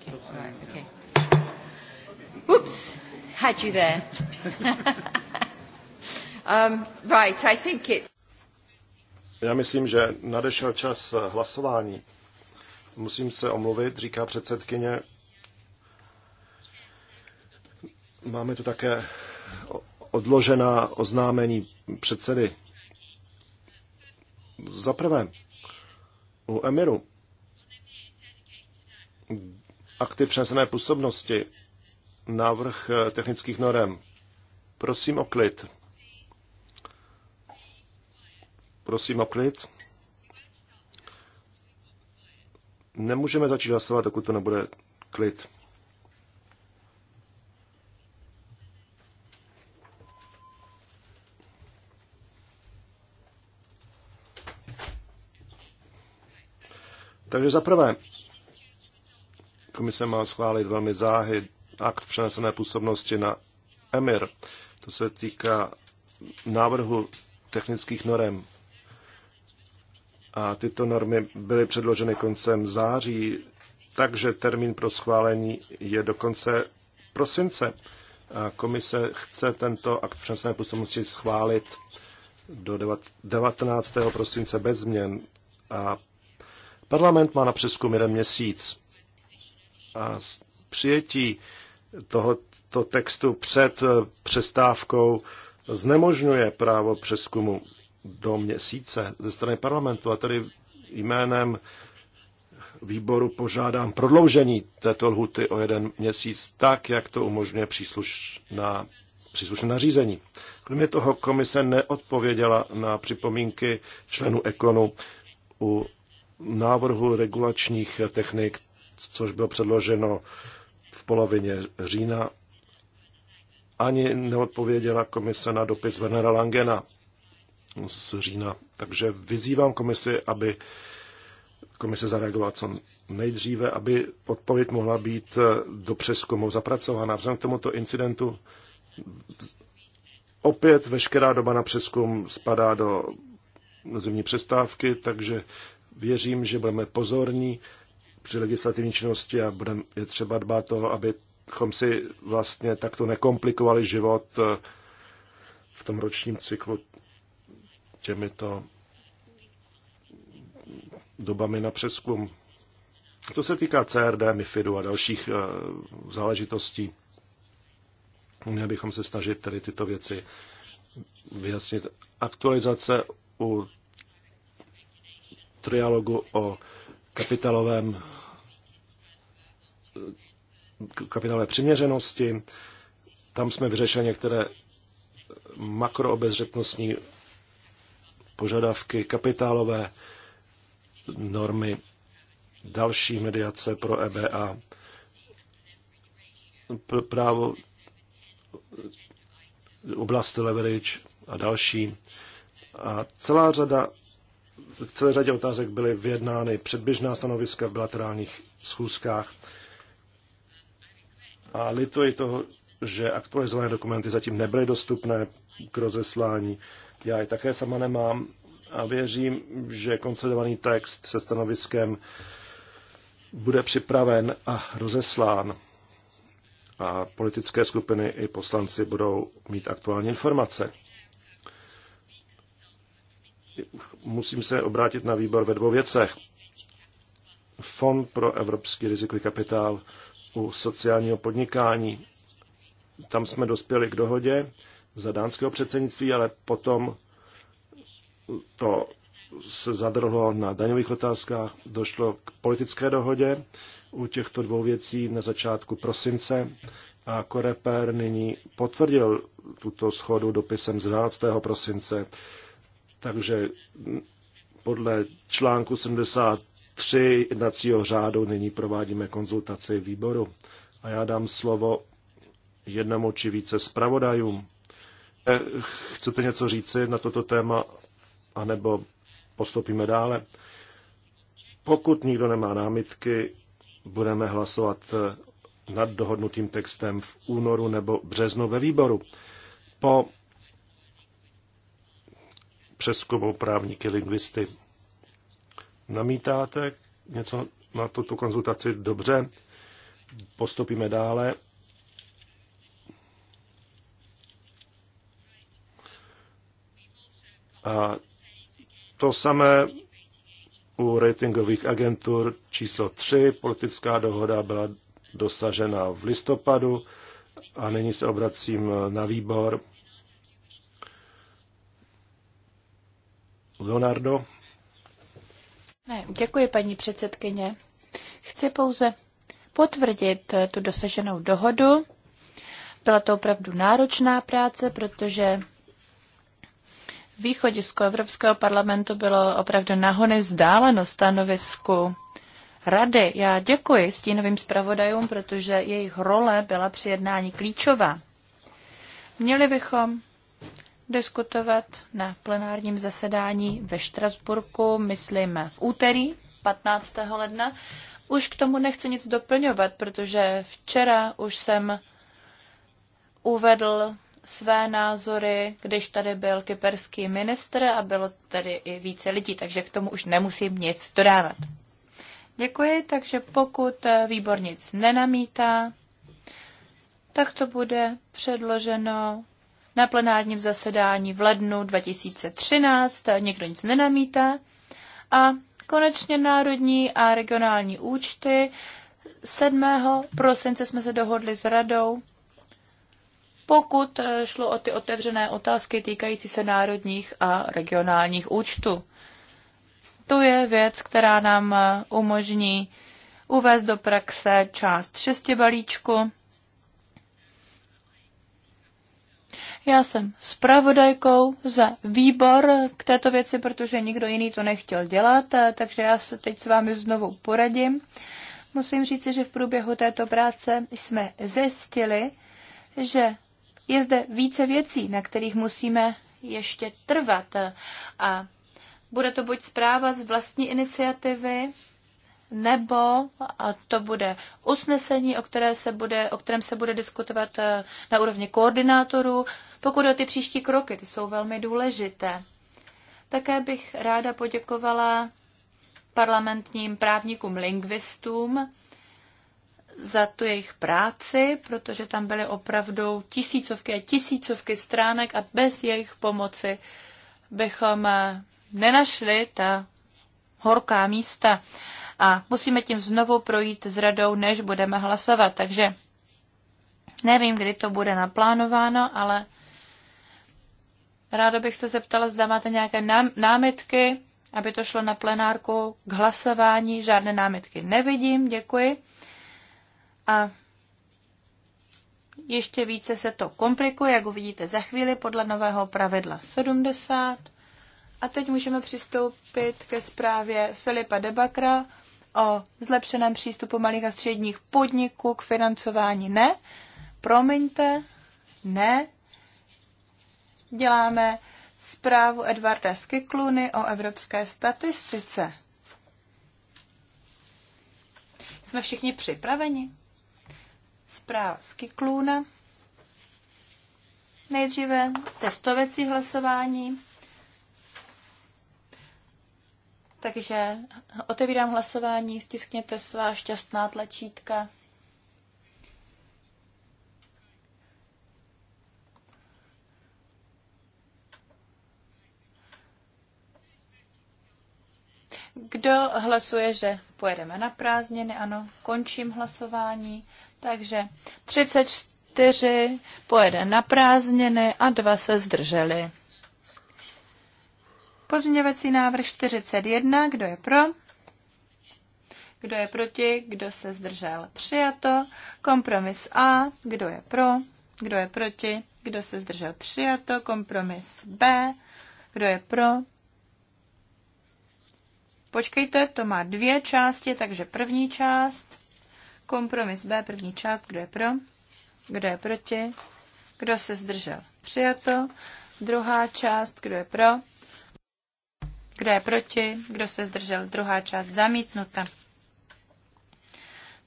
still saying. Right, okay. Whoops, had you there. um, right, I think it... Já myslím, že nadešel čas hlasování. Musím se omluvit, říká předsedkyně. Máme tu také odložená oznámení předsedy. Za prvé, u Emiru akty přenesené působnosti, návrh eh, technických norem. Prosím o klid. Prosím o klid. Nemůžeme začít hlasovat, dokud to nebude klid. Takže za prvé, Komise má schválit velmi záhy akt přenesené působnosti na EMIR. To se týká návrhu technických norem. A tyto normy byly předloženy koncem září, takže termín pro schválení je do konce prosince. A komise chce tento akt přenesené působnosti schválit do 19. prosince bez změn a parlament má na přeskum jeden měsíc a přijetí tohoto textu před eh, přestávkou znemožňuje právo přeskumu do měsíce ze strany parlamentu a tedy jménem výboru požádám prodloužení této lhuty o jeden měsíc tak, jak to umožňuje příslušná, příslušné nařízení. Kromě toho komise neodpověděla na připomínky členů Ekonu u návrhu regulačních technik což bylo předloženo v polovině října, ani neodpověděla komise na dopis Venera Langena z října. Takže vyzývám komisi, aby komise zareagovala co nejdříve, aby odpověď mohla být do přeskumu zapracována. Vzhledem k tomuto incidentu opět veškerá doba na přeskum spadá do zimní přestávky, takže věřím, že budeme pozorní při legislativní činnosti a budem, je třeba dbát toho, abychom si vlastně takto nekomplikovali život eh, v tom ročním cyklu těmito dobami na přeskum. To se týká CRD, MIFIDu a dalších eh, záležitostí. Měli bychom se snažit tedy tyto věci vyjasnit. Aktualizace u trialogu o kapitalovém kapitálové přiměřenosti. Tam jsme vyřešili některé makroobezřetnostní požadavky, kapitálové normy, další mediace pro EBA, právo oblasti leverage a další. A celá řada v celé řadě otázek byly vyjednány předběžná stanoviska v bilaterálních schůzkách. A lituji toho, že aktualizované dokumenty zatím nebyly dostupné k rozeslání. Já je také sama nemám a věřím, že konsolidovaný text se stanoviskem bude připraven a rozeslán. A politické skupiny i poslanci budou mít aktuální informace musím se obrátit na výbor ve dvou věcech. Fond pro evropský rizikový kapitál u sociálního podnikání. Tam jsme dospěli k dohodě za dánského předsednictví, ale potom to se zadrhlo na daňových otázkách, došlo k politické dohodě u těchto dvou věcí na začátku prosince a Koreper nyní potvrdil tuto schodu dopisem z 12. prosince takže podle článku 73 jednacího řádu nyní provádíme konzultaci výboru. A já dám slovo jednomu či více zpravodajům. Eh, chcete něco říci na toto téma, anebo postoupíme dále? Pokud nikdo nemá námitky, budeme hlasovat eh, nad dohodnutým textem v únoru nebo březnu ve výboru. Po přeskumou právníky, lingvisty. Namítáte něco na tuto konzultaci? Dobře, postupíme dále. A to samé u ratingových agentur číslo 3. Politická dohoda byla dosažena v listopadu a nyní se obracím na výbor Leonardo. Ne, děkuji, paní předsedkyně. Chci pouze potvrdit eh, tu dosaženou dohodu. Byla to opravdu náročná práce, protože východisko Evropského parlamentu bylo opravdu nahony vzdáleno stanovisku rady. Já děkuji stínovým zpravodajům, protože jejich role byla při jednání klíčová. Měli bychom diskutovat na plenárním zasedání ve Štrasburku, myslím v úterý 15. ledna. Už k tomu nechci nic doplňovat, protože včera už jsem uvedl své názory, když tady byl kyperský ministr a bylo tady i více lidí, takže k tomu už nemusím nic dodávat. Děkuji, takže pokud výbor nic nenamítá, tak to bude předloženo na plenárním zasedání v lednu 2013, někdo nic nenamítá. A konečně národní a regionální účty 7. prosince jsme se dohodli s radou, pokud eh, šlo o ty otevřené otázky týkající se národních a regionálních účtů. To je věc, která nám eh, umožní uvést do praxe část šesti balíčku Já jsem zpravodajkou za výbor k této věci, protože nikdo jiný to nechtěl dělat, takže já se teď s vámi znovu poradím. Musím říci, že v průběhu této práce jsme zjistili, že je zde více věcí, na kterých musíme ještě trvat. A bude to buď zpráva z vlastní iniciativy, nebo a to bude usnesení, o, které se bude, o kterém se bude diskutovat eh, na úrovni koordinátorů, pokud o ty příští kroky, ty jsou velmi důležité. Také bych ráda poděkovala parlamentním právníkům, lingvistům za tu jejich práci, protože tam byly opravdu tisícovky a tisícovky stránek a bez jejich pomoci bychom eh, nenašli ta horká místa a musíme tím znovu projít s radou, než budeme hlasovat. Takže nevím, kdy to bude naplánováno, ale ráda bych se zeptala, zda máte nějaké námitky, aby to šlo na plenárku k hlasování. Žádné námitky nevidím, děkuji. A ještě více se to komplikuje, jak uvidíte za chvíli, podle nového pravidla 70. A teď můžeme přistoupit ke zprávě Filipa Debakra o zlepšeném přístupu malých a středních podniků k financování. Ne, promiňte, ne. Děláme zprávu Edvarda Skikluny o evropské statistice. Jsme všichni připraveni? Zpráva Skikluna. Nejdříve testovací hlasování. Takže otevírám hlasování, stiskněte svá šťastná tlačítka. Kdo hlasuje, že pojedeme na prázdniny? Ano, končím hlasování. Takže 34 pojede na prázdniny a dva se zdrželi. Pozměňovací návrh 41, kdo je pro? Kdo je proti? Kdo se zdržel? Přijato. Kompromis A, kdo je pro? Kdo je proti? Kdo se zdržel? Přijato. Kompromis B, kdo je pro? Počkejte, to má dvě části, takže první část. Kompromis B, první část, kdo je pro? Kdo je proti? Kdo se zdržel? Přijato. Druhá část, kdo je pro? Kdo je proti? Kdo se zdržel? Druhá část zamítnuta.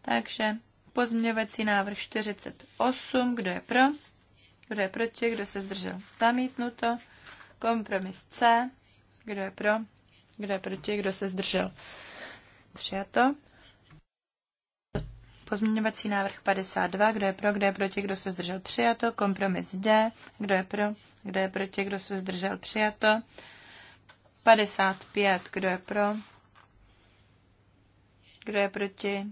Takže pozměňovací návrh 48. Kdo je pro? Kdo je proti? Kdo se zdržel? Zamítnuto. Kompromis C. Kdo je pro? Kdo je proti? Kdo se zdržel? Přijato. Pozměňovací návrh 52. Kdo je pro? Kdo je proti? Kdo se zdržel? Přijato. Kompromis D. Kdo je pro? Kdo je proti? Kdo se zdržel? Přijato. 55. Kdo je pro? Kdo je proti?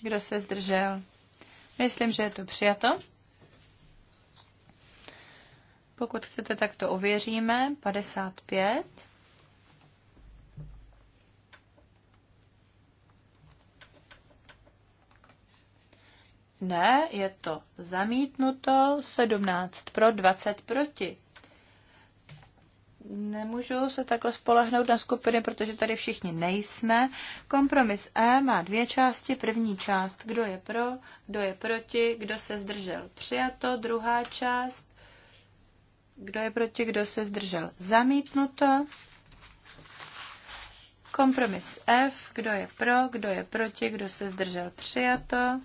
Kdo se zdržel? Myslím, že je to přijato. Pokud chcete, tak to ověříme. 55. Ne, je to zamítnuto. 17 pro, 20 proti. Nemůžu se takhle spolehnout na skupiny, protože tady všichni nejsme. Kompromis E má dvě části. První část, kdo je pro, kdo je proti, kdo se zdržel. Přijato. Druhá část, kdo je proti, kdo se zdržel. Zamítnuto. Kompromis F, kdo je pro, kdo je proti, kdo se zdržel. Přijato.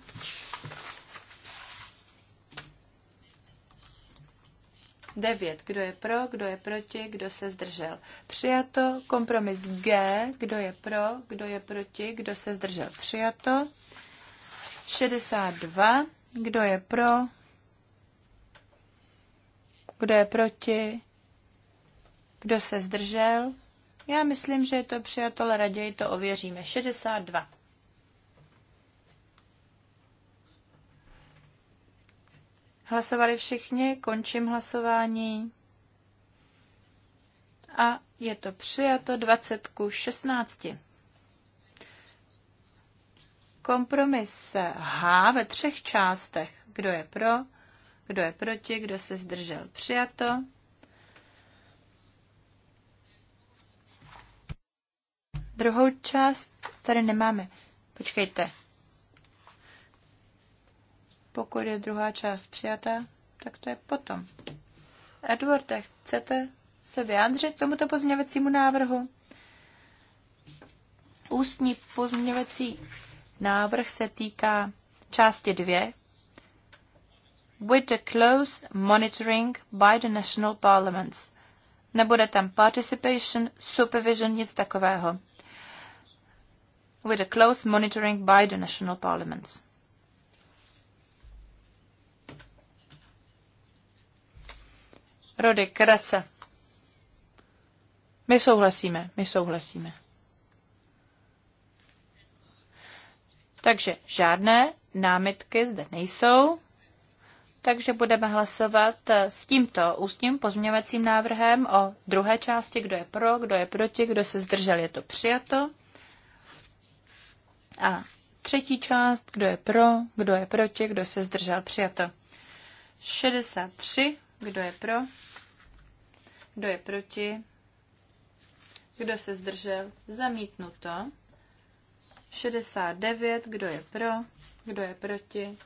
9. Kdo je pro, kdo je proti, kdo se zdržel? Přijato. Kompromis G. Kdo je pro, kdo je proti, kdo se zdržel? Přijato. 62. Kdo je pro? Kdo je proti? Kdo se zdržel? Já myslím, že je to přijato, ale raději to ověříme. 62. Hlasovali všichni, končím hlasování. A je to přijato 20 ku 16. Kompromis H ve třech částech. Kdo je pro, kdo je proti, kdo se zdržel přijato. Druhou část tady nemáme. Počkejte, pokud je druhá část přijatá, tak to je potom. Edward, chcete se vyjádřit tomuto pozměňovacímu návrhu? Ústní pozměňovací návrh se týká části dvě. With the close monitoring by the national parliaments. Nebude tam participation, supervision, nic takového. With a close monitoring by the national parliaments. Rody, Krace. My souhlasíme, my souhlasíme. Takže žádné námitky zde nejsou, takže budeme hlasovat s tímto ústním pozměňovacím návrhem o druhé části, kdo je pro, kdo je proti, kdo se zdržel, je to přijato. A třetí část, kdo je pro, kdo je proti, kdo se zdržel, přijato. 63 kdo je pro? Kdo je proti? Kdo se zdržel? Zamítnuto. 69. Kdo je pro? Kdo je proti?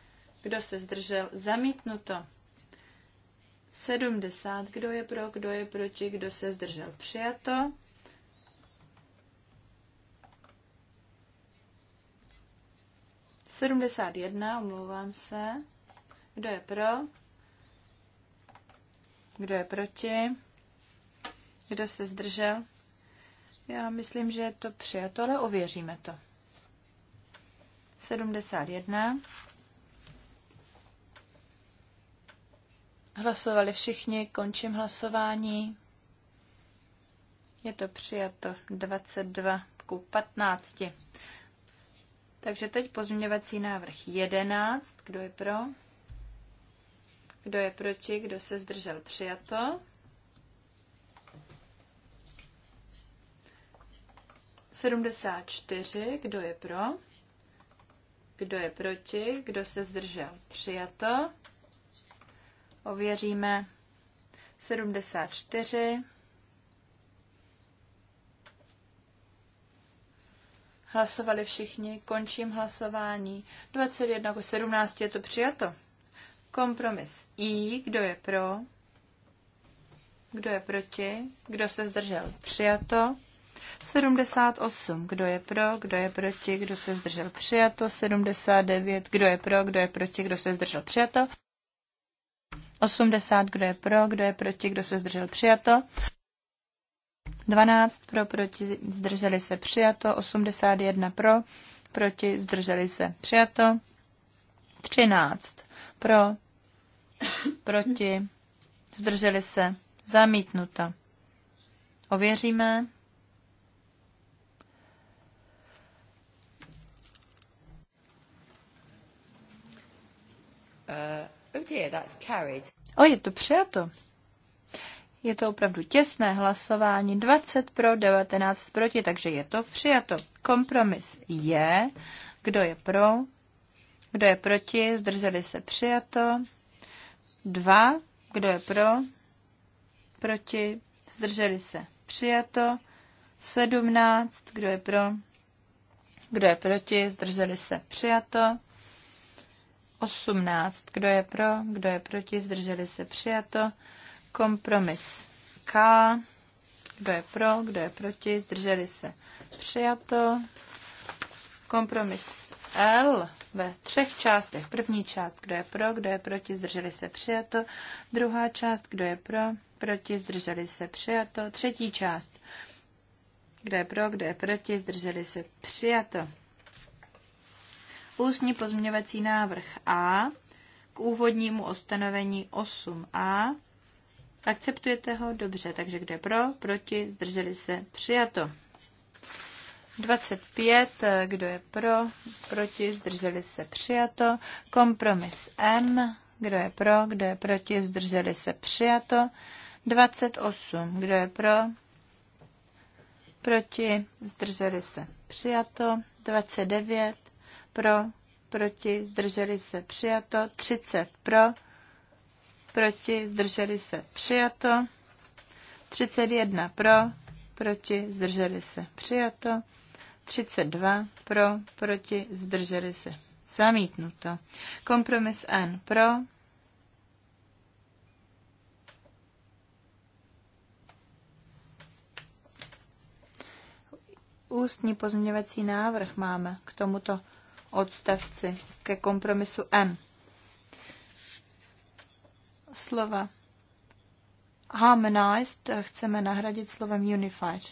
Kdo se zdržel? Zamítnuto. 70. Kdo je pro? Kdo je proti? Kdo se zdržel? Přijato. Sedmdesát jedna, omlouvám se. Kdo je pro? Kdo je proti? Kdo se zdržel? Já myslím, že je to přijato, ale ověříme to. 71. Hlasovali všichni, končím hlasování. Je to přijato 22 ku 15. Takže teď pozměňovací návrh 11. Kdo je pro? Kdo je proti? Kdo se zdržel? Přijato. Sedmdesát čtyři. Kdo je pro? Kdo je proti? Kdo se zdržel? Přijato. Ověříme Sedmdesát čtyři. Hlasovali všichni, končím hlasování. 21 k 17 je to přijato. Kompromis I, kdo je pro, kdo je proti, kdo se zdržel, přijato. 78, kdo je pro, kdo je proti, kdo se zdržel, přijato. 79, kdo je pro, kdo je proti, kdo se zdržel, přijato. 80, kdo je pro, kdo je proti, kdo se zdržel, přijato. 12 pro, proti, zdrželi se, přijato. 81 pro, proti, zdrželi se, přijato. 13 pro, proti, zdrželi se, Zamítnuta. Ověříme. Uh, oh dear, that's carried. O, je to přijato. Je to opravdu těsné hlasování, 20 pro, 19 proti, takže je to přijato. Kompromis je, kdo je pro, kdo je proti, zdrželi se přijato. 2. Kdo je pro? Proti? Zdrželi se. Přijato. 17. Kdo je pro? Kdo je proti? Zdrželi se. Přijato. 18. Kdo je pro? Kdo je proti? Zdrželi se. Přijato. Kompromis K. Kdo je pro? Kdo je proti? Zdrželi se. Přijato. Kompromis L ve třech částech. První část, kdo je pro, kdo je proti, zdrželi se přijato. Druhá část, kdo je pro, proti, zdrželi se přijato. Třetí část, kdo je pro, kdo je proti, zdrželi se přijato. Ústní pozměňovací návrh A k úvodnímu ostanovení 8a. Akceptujete ho? Dobře, takže kdo je pro, proti, zdrželi se přijato. 25, kdo je pro, proti, zdrželi se přijato. Kompromis M, kdo je pro, kdo je proti, zdrželi se přijato. 28, kdo je pro, proti, zdrželi se přijato. 29, pro, proti, zdrželi se přijato. 30, pro, proti, zdrželi se přijato. 31 pro, proti, zdrželi se přijato. 32 pro, proti, zdrželi se. Zamítnuto. Kompromis N pro. Ústní pozměňovací návrh máme k tomuto odstavci, ke kompromisu N. Slova harmonized chceme nahradit slovem unified.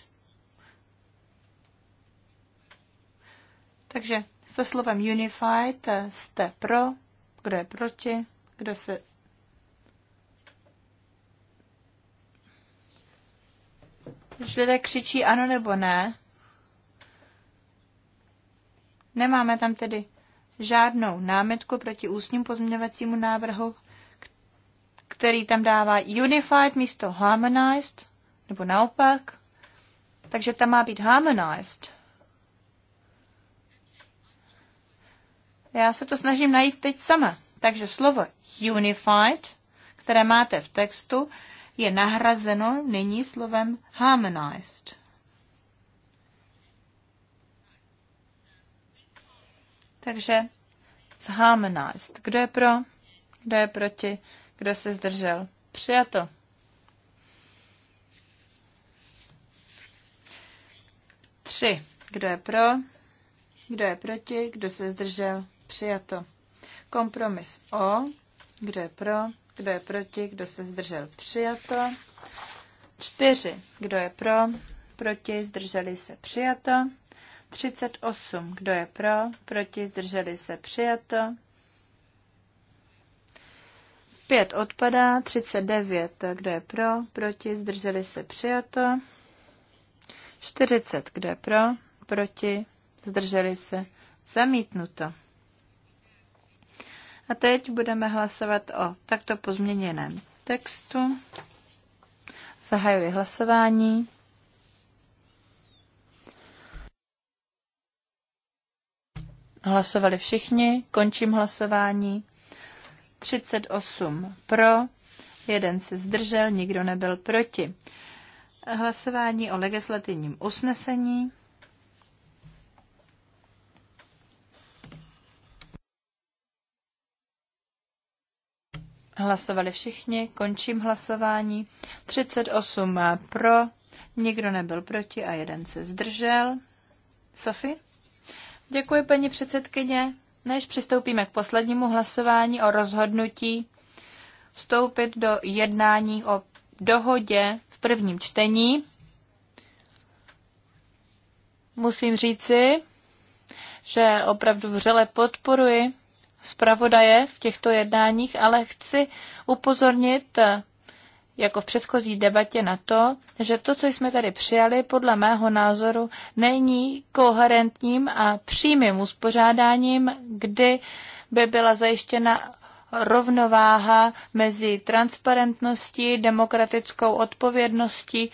Takže se slovem unified eh, jste pro, kdo je proti, kdo se Když lidé křičí ano nebo ne, nemáme tam tedy žádnou námitku proti ústním pozměňovacímu návrhu, který tam dává unified místo harmonized, nebo naopak. Takže tam má být harmonized. Já se to snažím najít teď sama. Takže slovo unified, které máte v textu, je nahrazeno nyní slovem harmonized. Takže harmonized. Kdo je pro? Kdo je proti? Kdo se zdržel? Přijato. Tři. Kdo je pro? Kdo je proti? Kdo se zdržel? Přijato. Kompromis O. Kdo je pro? Kdo je proti? Kdo se zdržel? Přijato. Čtyři. Kdo je pro? Proti? Zdrželi se? Přijato. 38. Kdo je pro? Proti? Zdrželi se? Přijato. 5 odpadá, 39, kdo je pro, proti, zdrželi se, přijato. 40, kdo je pro, proti, zdrželi se, zamítnuto. A teď budeme hlasovat o takto pozměněném textu. Zahajuji hlasování. Hlasovali všichni, končím hlasování. 38 pro, jeden se zdržel, nikdo nebyl proti. Hlasování o legislativním usnesení. Hlasovali všichni, končím hlasování. 38 má pro, nikdo nebyl proti a jeden se zdržel. Sofie? Děkuji, paní předsedkyně. Než přistoupíme k poslednímu hlasování o rozhodnutí vstoupit do jednání o dohodě v prvním čtení, musím říci, že opravdu vřele podporuji zpravodaje v těchto jednáních, ale chci upozornit eh, jako v předchozí debatě na to, že to, co jsme tady přijali, podle mého názoru není koherentním a přímým uspořádáním, kdy by byla zajištěna rovnováha mezi transparentností, demokratickou odpovědností.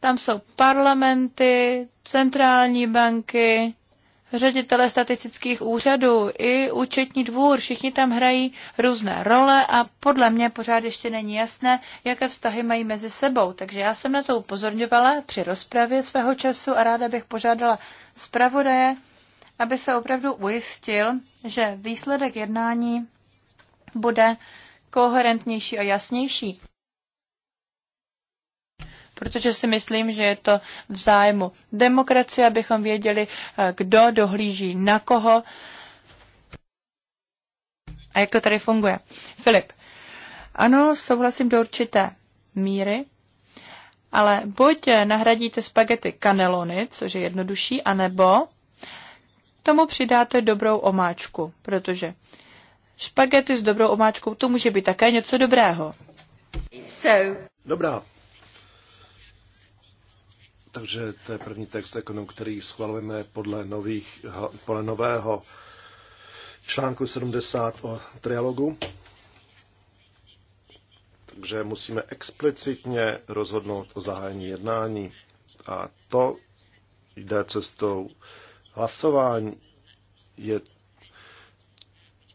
Tam jsou parlamenty, centrální banky, ředitele statistických úřadů, i účetní dvůr, všichni tam hrají různé role a podle mě pořád ještě není jasné, jaké vztahy mají mezi sebou. Takže já jsem na to upozorňovala při rozpravě svého času a ráda bych požádala zpravodaje, aby se opravdu ujistil, že výsledek jednání bude koherentnější a jasnější protože si myslím, že je to v zájmu demokracie, abychom věděli, eh, kdo dohlíží na koho a jak to tady funguje. Filip, ano, souhlasím do určité míry, ale buď eh, nahradíte spagety kanelony, což je jednodušší, anebo tomu přidáte dobrou omáčku, protože špagety s dobrou omáčkou, to může být také něco dobrého. So. Dobrá, takže to je první text ekonom, který schvalujeme podle, nových, podle nového článku 70 o trialogu. Takže musíme explicitně rozhodnout o zahájení jednání. A to jde cestou hlasování. Je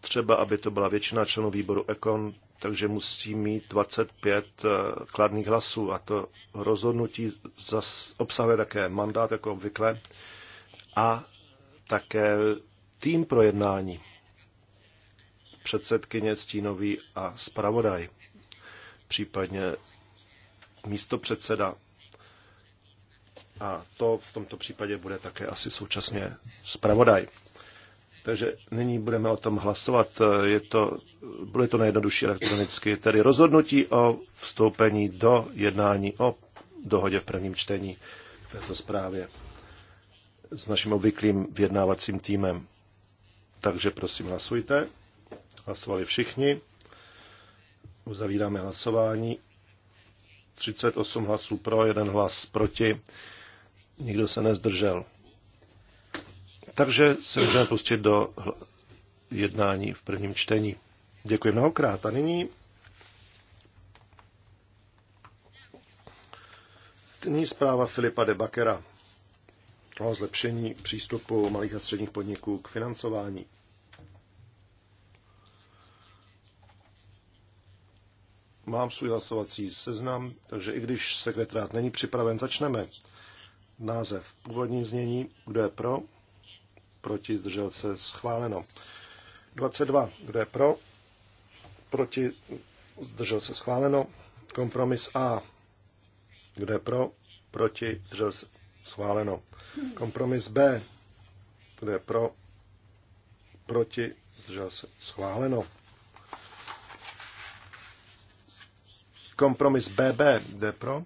třeba, aby to byla většina členů výboru Ekon takže musí mít 25 eh, kladných hlasů a to rozhodnutí zas obsahuje také mandát, jako obvykle, a také tým projednání Předsedkyně Stínový a zpravodaj, případně místo předseda. A to v tomto případě bude také asi současně zpravodaj. Takže nyní budeme o tom hlasovat. Je to, bude to nejjednodušší elektronicky, tedy rozhodnutí o vstoupení do jednání o dohodě v prvním čtení v této zprávě s naším obvyklým vyjednávacím týmem. Takže prosím, hlasujte. Hlasovali všichni. Uzavíráme hlasování. 38 hlasů pro, jeden hlas proti. Nikdo se nezdržel. Takže se můžeme pustit do jednání v prvním čtení. Děkuji mnohokrát. A nyní, nyní zpráva Filipa de Bakera o zlepšení přístupu malých a středních podniků k financování. Mám svůj hlasovací seznam, takže i když sekretariát není připraven, začneme. Název, původní znění, kdo je pro? proti, zdržel se, schváleno. 22, kdo je pro, proti, zdržel se, schváleno. Kompromis A, kdo je pro, proti, zdržel se, schváleno. Kompromis B, kdo je pro, proti, zdržel se, schváleno. Kompromis BB, kde pro?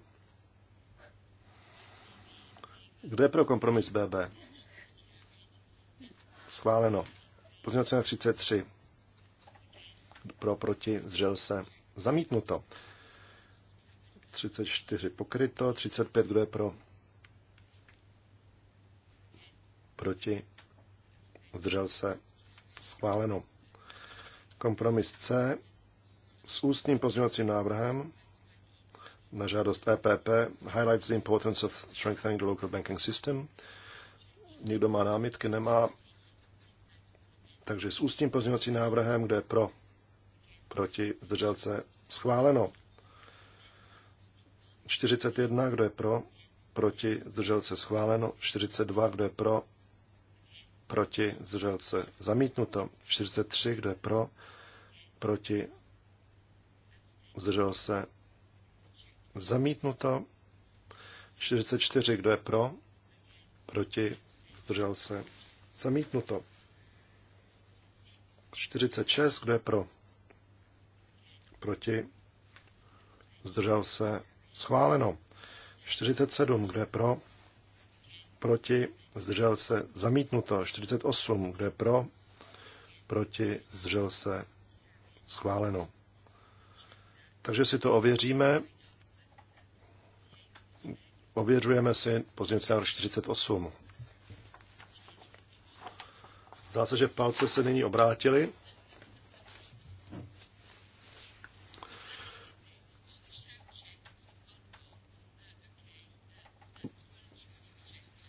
Kde je pro kompromis BB? Schváleno. Pozměňovací 33. Pro, proti, zdržel se. Zamítnuto. 34 pokryto, 35 kdo je pro? Proti, zdržel se. Schváleno. Kompromis C s ústním pozměňovacím návrhem na žádost EPP highlights the importance of strengthening the local banking system. Nikdo má námitky, nemá, takže s ústním pozměňovacím návrhem, kde je pro, proti, zdržel se, schváleno. 41, kdo je pro, proti, zdržel se, schváleno. 42, kdo je pro, proti, zdržel se, zamítnuto. 43, kdo je pro, proti, zdržel se, zamítnuto. 44, kdo je pro, proti, zdržel se, zamítnuto. 46, kdo je pro? Proti? Zdržel se? Schváleno. 47, kdo je pro? Proti? Zdržel se? Zamítnuto. 48, kdo je pro? Proti? Zdržel se? Schváleno. Takže si to ověříme. Ověřujeme si pozměnce 48. Zdá se, že palce se nyní obrátily.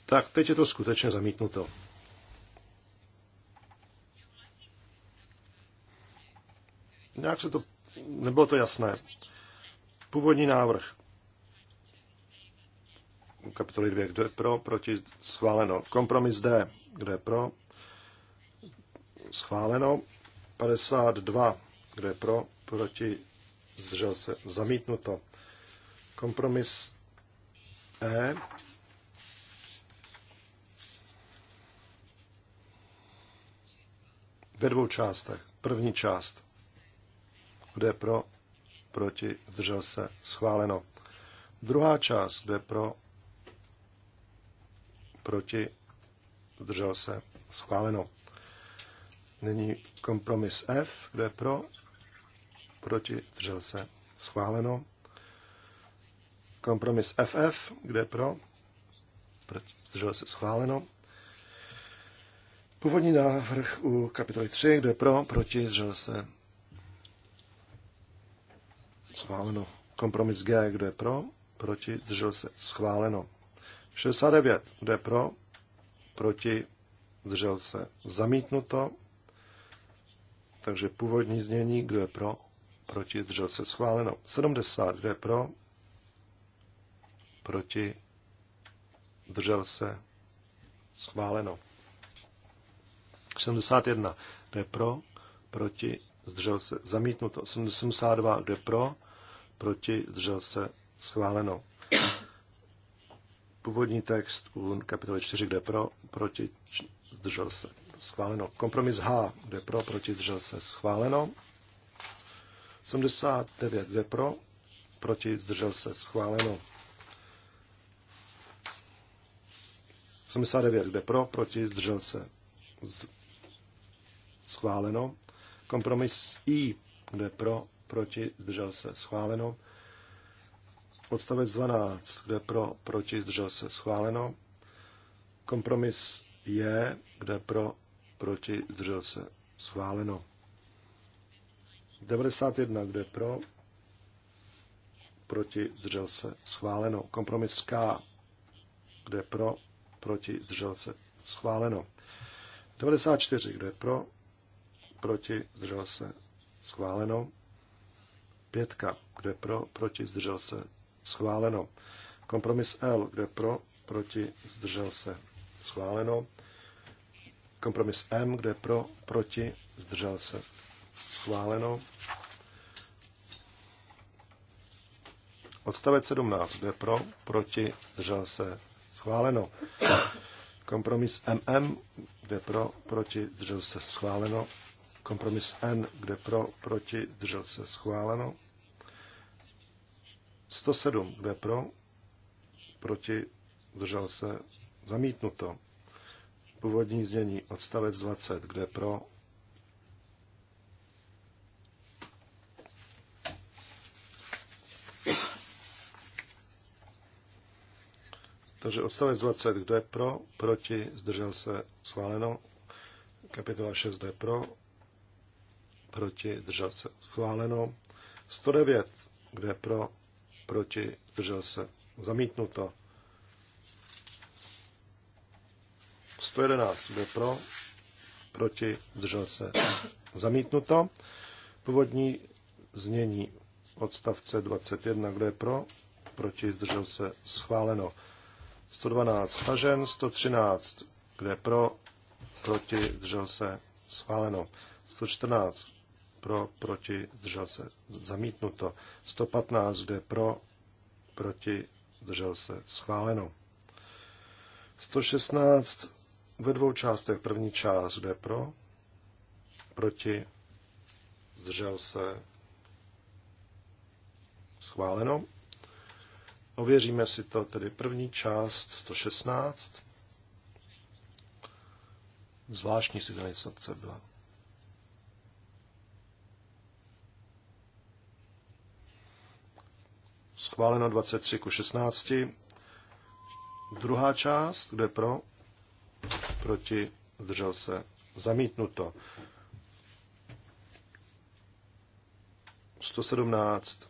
Tak teď je to skutečně zamítnuto. Nějak se to, nebylo to jasné. Původní návrh. Kapitoly 2, kdo je pro, proti, schváleno. Kompromis D, kdo je pro, schváleno. 52, kdo je pro, proti, zdržel se, zamítnuto. Kompromis E. Ve dvou částech. První část. je pro, proti, zdržel se, schváleno. Druhá část, je pro, proti, zdržel se, schváleno. Nyní kompromis F, kdo je pro, proti, držel se, schváleno. Kompromis FF, kde je pro, proti, držel se, schváleno. Původní návrh u kapitoly 3, kde je pro, proti, držel se, schváleno. Kompromis G, kdo je pro, proti, držel se, schváleno. 69, kdo je pro, proti, držel se, zamítnuto. Takže původní znění, kdo je pro, proti, zdržel se schváleno. 70, kdo je pro, proti, zdržel se schváleno. 71, kdo je pro, proti, zdržel se zamítnuto. 72, kdo je pro, proti, zdržel se schváleno. Původní text u kapitoly 4, kde pro, proti, zdržel se schváleno. Kompromis H, kde pro, proti, zdržel se, schváleno. 79, kde pro, proti, zdržel se, schváleno. 79, kde pro, proti, zdržel se, z... schváleno. Kompromis I, kde pro, proti, zdržel se, schváleno. Odstavec 12, kde pro, proti, zdržel se, schváleno. Kompromis je, kde pro, proti, zdržel se, schváleno. 91, kdo je pro, proti, zdržel se, schváleno. Kompromis K, kdo je pro, proti, zdržel se, schváleno. 94, kdo je pro, proti, zdržel se, schváleno. Pětka, kdo je pro, proti, zdržel se, schváleno. Kompromis L, kdo je pro, proti, zdržel se, schváleno. Kompromis M, kdo je pro, proti, zdržel se. Schváleno. Odstavec 17, kdo je pro, proti, zdržel se. Schváleno. Kompromis MM, kde pro, proti, zdržel se. Schváleno. Kompromis N, kde pro, proti, zdržel se. Schváleno. 107, kde pro, proti, zdržel se. Zamítnuto. Původní znění odstavec 20, kde pro Takže odstavec 20, kde pro, proti, zdržel se, schváleno. Kapitola 6, kde pro, proti, zdržel se, schváleno. 109, kde pro, proti, zdržel se, zamítnuto. 111, byl pro, proti, zdržel se zamítnuto. Původní znění odstavce 21, kdo je pro, proti, zdržel se schváleno. 112 stažen, 113, kde je pro, proti, zdržel se schváleno. 114 pro, proti, zdržel se zamítnuto. 115, kde je pro, proti, držel se schváleno. 116 ve dvou částech. První část jde pro, proti, zdržel se, schváleno. Ověříme si to, tedy první část 116. Zvláštní signalizace byla. Schváleno 23 ku 16. Druhá část, kde pro, proti, zdržel se, zamítnuto. 117,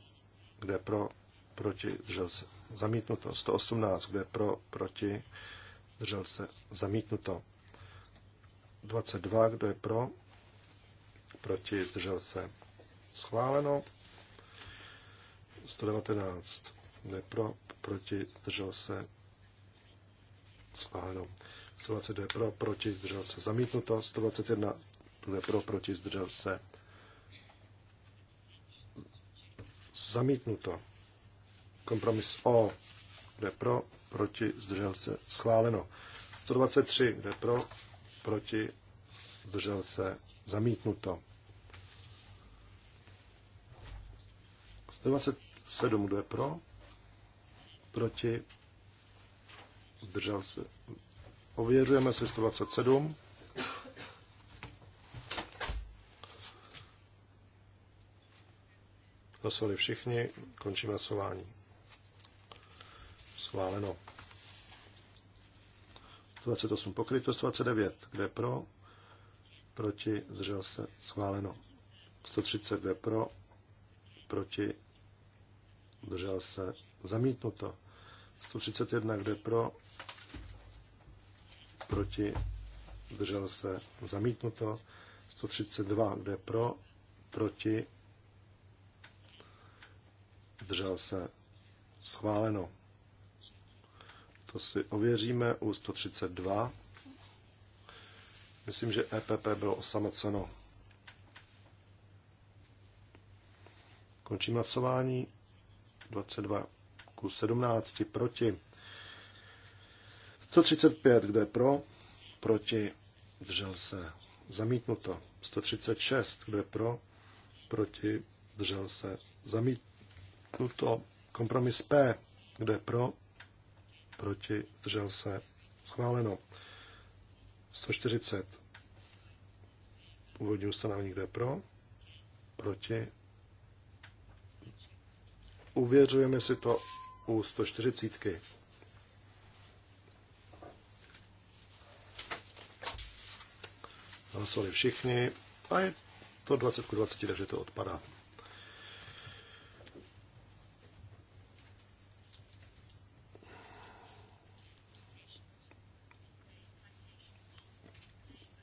kde pro, proti, zdržel se, zamítnuto. 118, kde pro, proti, zdržel se, zamítnuto. 22, kdo je pro, proti, zdržel se, schváleno. 119, kde pro, proti, zdržel se, schváleno. 122 pro, proti, zdržel se zamítnuto, 121 je pro, proti, zdržel se zamítnuto. Kompromis O, kde pro, proti, zdržel se schváleno. 123, kde pro, proti, zdržel se zamítnuto. 127, kdo je pro, proti, zdržel se Ověřujeme si 127. Hlasovali všichni, Končíme hlasování. Sváleno. 28 pokryto, 129, kde pro, proti, zdržel se, schváleno. 130, kde pro, proti, zdržel se, zamítnuto. 131, kde pro, proti, zdržel se, zamítnuto. 132, kdo je pro, proti, zdržel se, schváleno. To si ověříme u 132. Myslím, že EPP bylo osamoceno. Končím hlasování. 22 ku 17 proti. 135, kdo je pro, proti, držel se, zamítnuto. 136, kdo je pro, proti, držel se, zamítnuto. Kompromis P, kdo je pro, proti, držel se, schváleno. 140, Původní ustanovení, kdo je pro, proti, uvěřujeme si to u 140. soli všichni a je to 20 ku 20, takže to odpadá.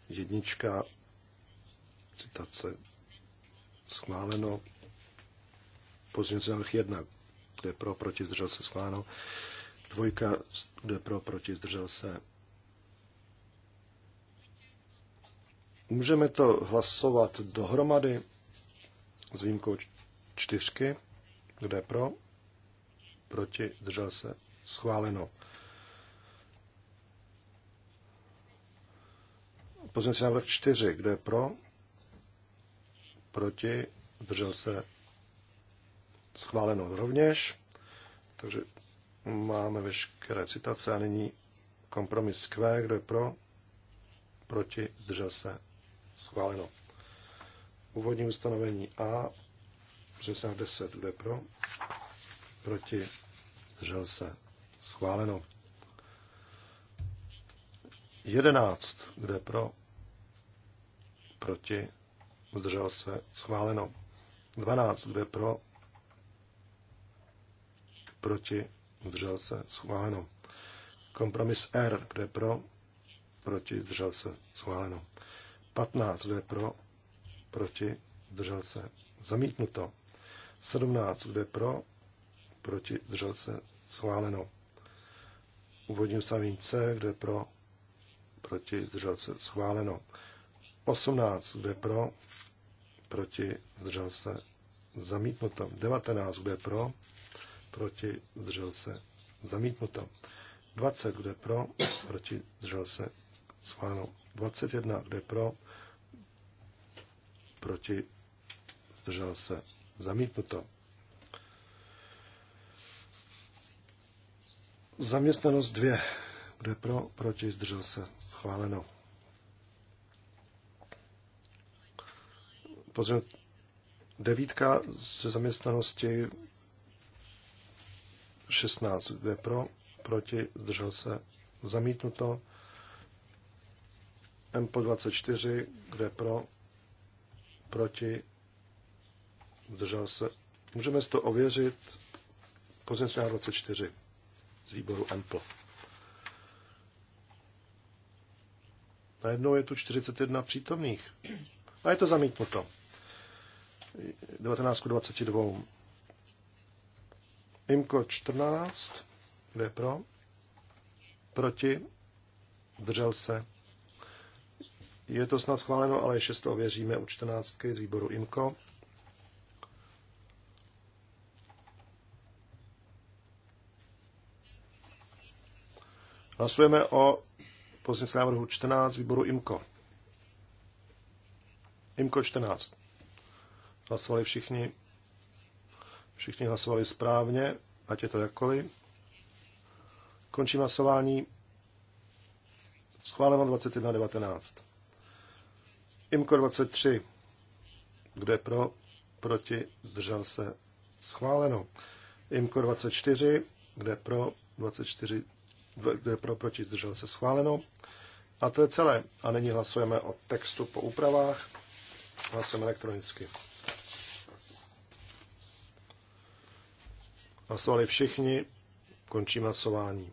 Jednička, citace, schváleno, pozměnce návrh jedna, kde pro, proti, zdržel se, schváleno, dvojka, kde pro, proti, zdržel se, Můžeme to hlasovat dohromady s výjimkou čtyřky. Kdo je pro? Proti? Držel se? Schváleno. si návrh čtyři. Kdo je pro? Proti? Držel se? Schváleno rovněž. Takže máme veškeré citace a nyní kompromis Q. Kdo je pro? Proti? Držel se? Schváleno. Úvodní ustanovení A, 6010, kdo je pro? Proti? Zdržel se. Schváleno. 11, kde pro? Proti? Zdržel se. Schváleno. 12, kde pro? Proti? Zdržel se. Schváleno. Kompromis R, kde pro? Proti? Zdržel se. Schváleno. 15, kdo je pro, proti, držel se, zamítnuto. 17, kdo je pro, proti, držel se, schváleno. Úvodním samým C, kdo je pro, proti, zdržel se, schváleno. 18, kdo je pro, proti, zdržel se, zamítnuto. 19, kdo je pro, proti, zdržel se, zamítnuto. 20, kdo je pro, proti, zdržel se, schváleno. 21, kdo je pro, proti, zdržel se, zamítnuto. Zaměstnanost dvě kde pro, proti, zdržel se, schváleno. Pozřejmě devítka ze zaměstnanosti 16, kde pro, proti, zdržel se, zamítnuto. M po 24, kde pro, proti, zdržel se. Můžeme si to ověřit. pozice 24 z výboru Ample. Najednou je tu 41 přítomných. A je to zamítnuto. 19 22. Imko 14, kde pro, proti, držel se, je to snad schváleno, ale ještě to ověříme u čtrnáctky z výboru IMCO. Hlasujeme o pozměnském návrhu 14 výboru IMCO. IMCO 14. Hlasovali všichni. Všichni hlasovali správně, ať je to jakkoliv. Končím hlasování. Schváleno 21.19. Imko 23. Kdo je pro? Proti? Zdržel se? Schváleno. Imko 24. Kdo je pro? 24. Kdo je pro? Proti? Zdržel se? Schváleno. A to je celé. A nyní hlasujeme o textu po úpravách. Hlasujeme elektronicky. Hlasovali všichni. Končím hlasování.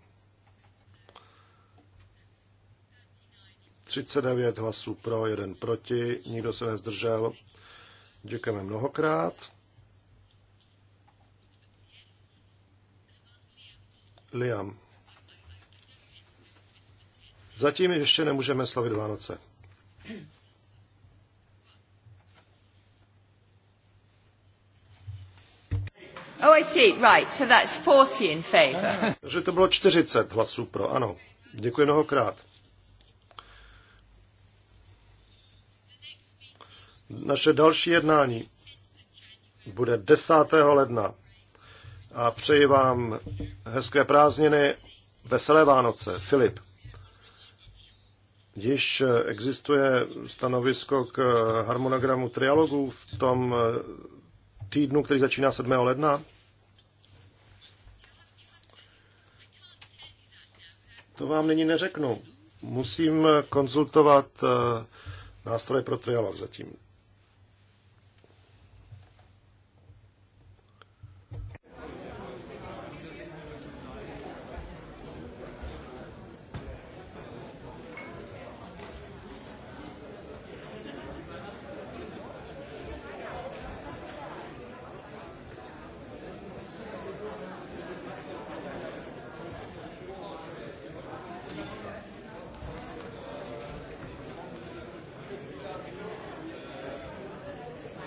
39 hlasů pro, jeden proti, nikdo se nezdržel. Děkujeme mnohokrát. Liam. Zatím ještě nemůžeme slavit Vánoce. Oh, I see. Right. So that's 40 in favor. že to bylo 40 hlasů pro, ano. Děkuji mnohokrát. Naše další jednání bude 10. ledna a přeji vám hezké prázdniny, veselé Vánoce. Filip. Již existuje stanovisko k harmonogramu trialogu v tom týdnu, který začíná 7. ledna? To vám nyní neřeknu. Musím konzultovat eh, nástroje pro trialog zatím.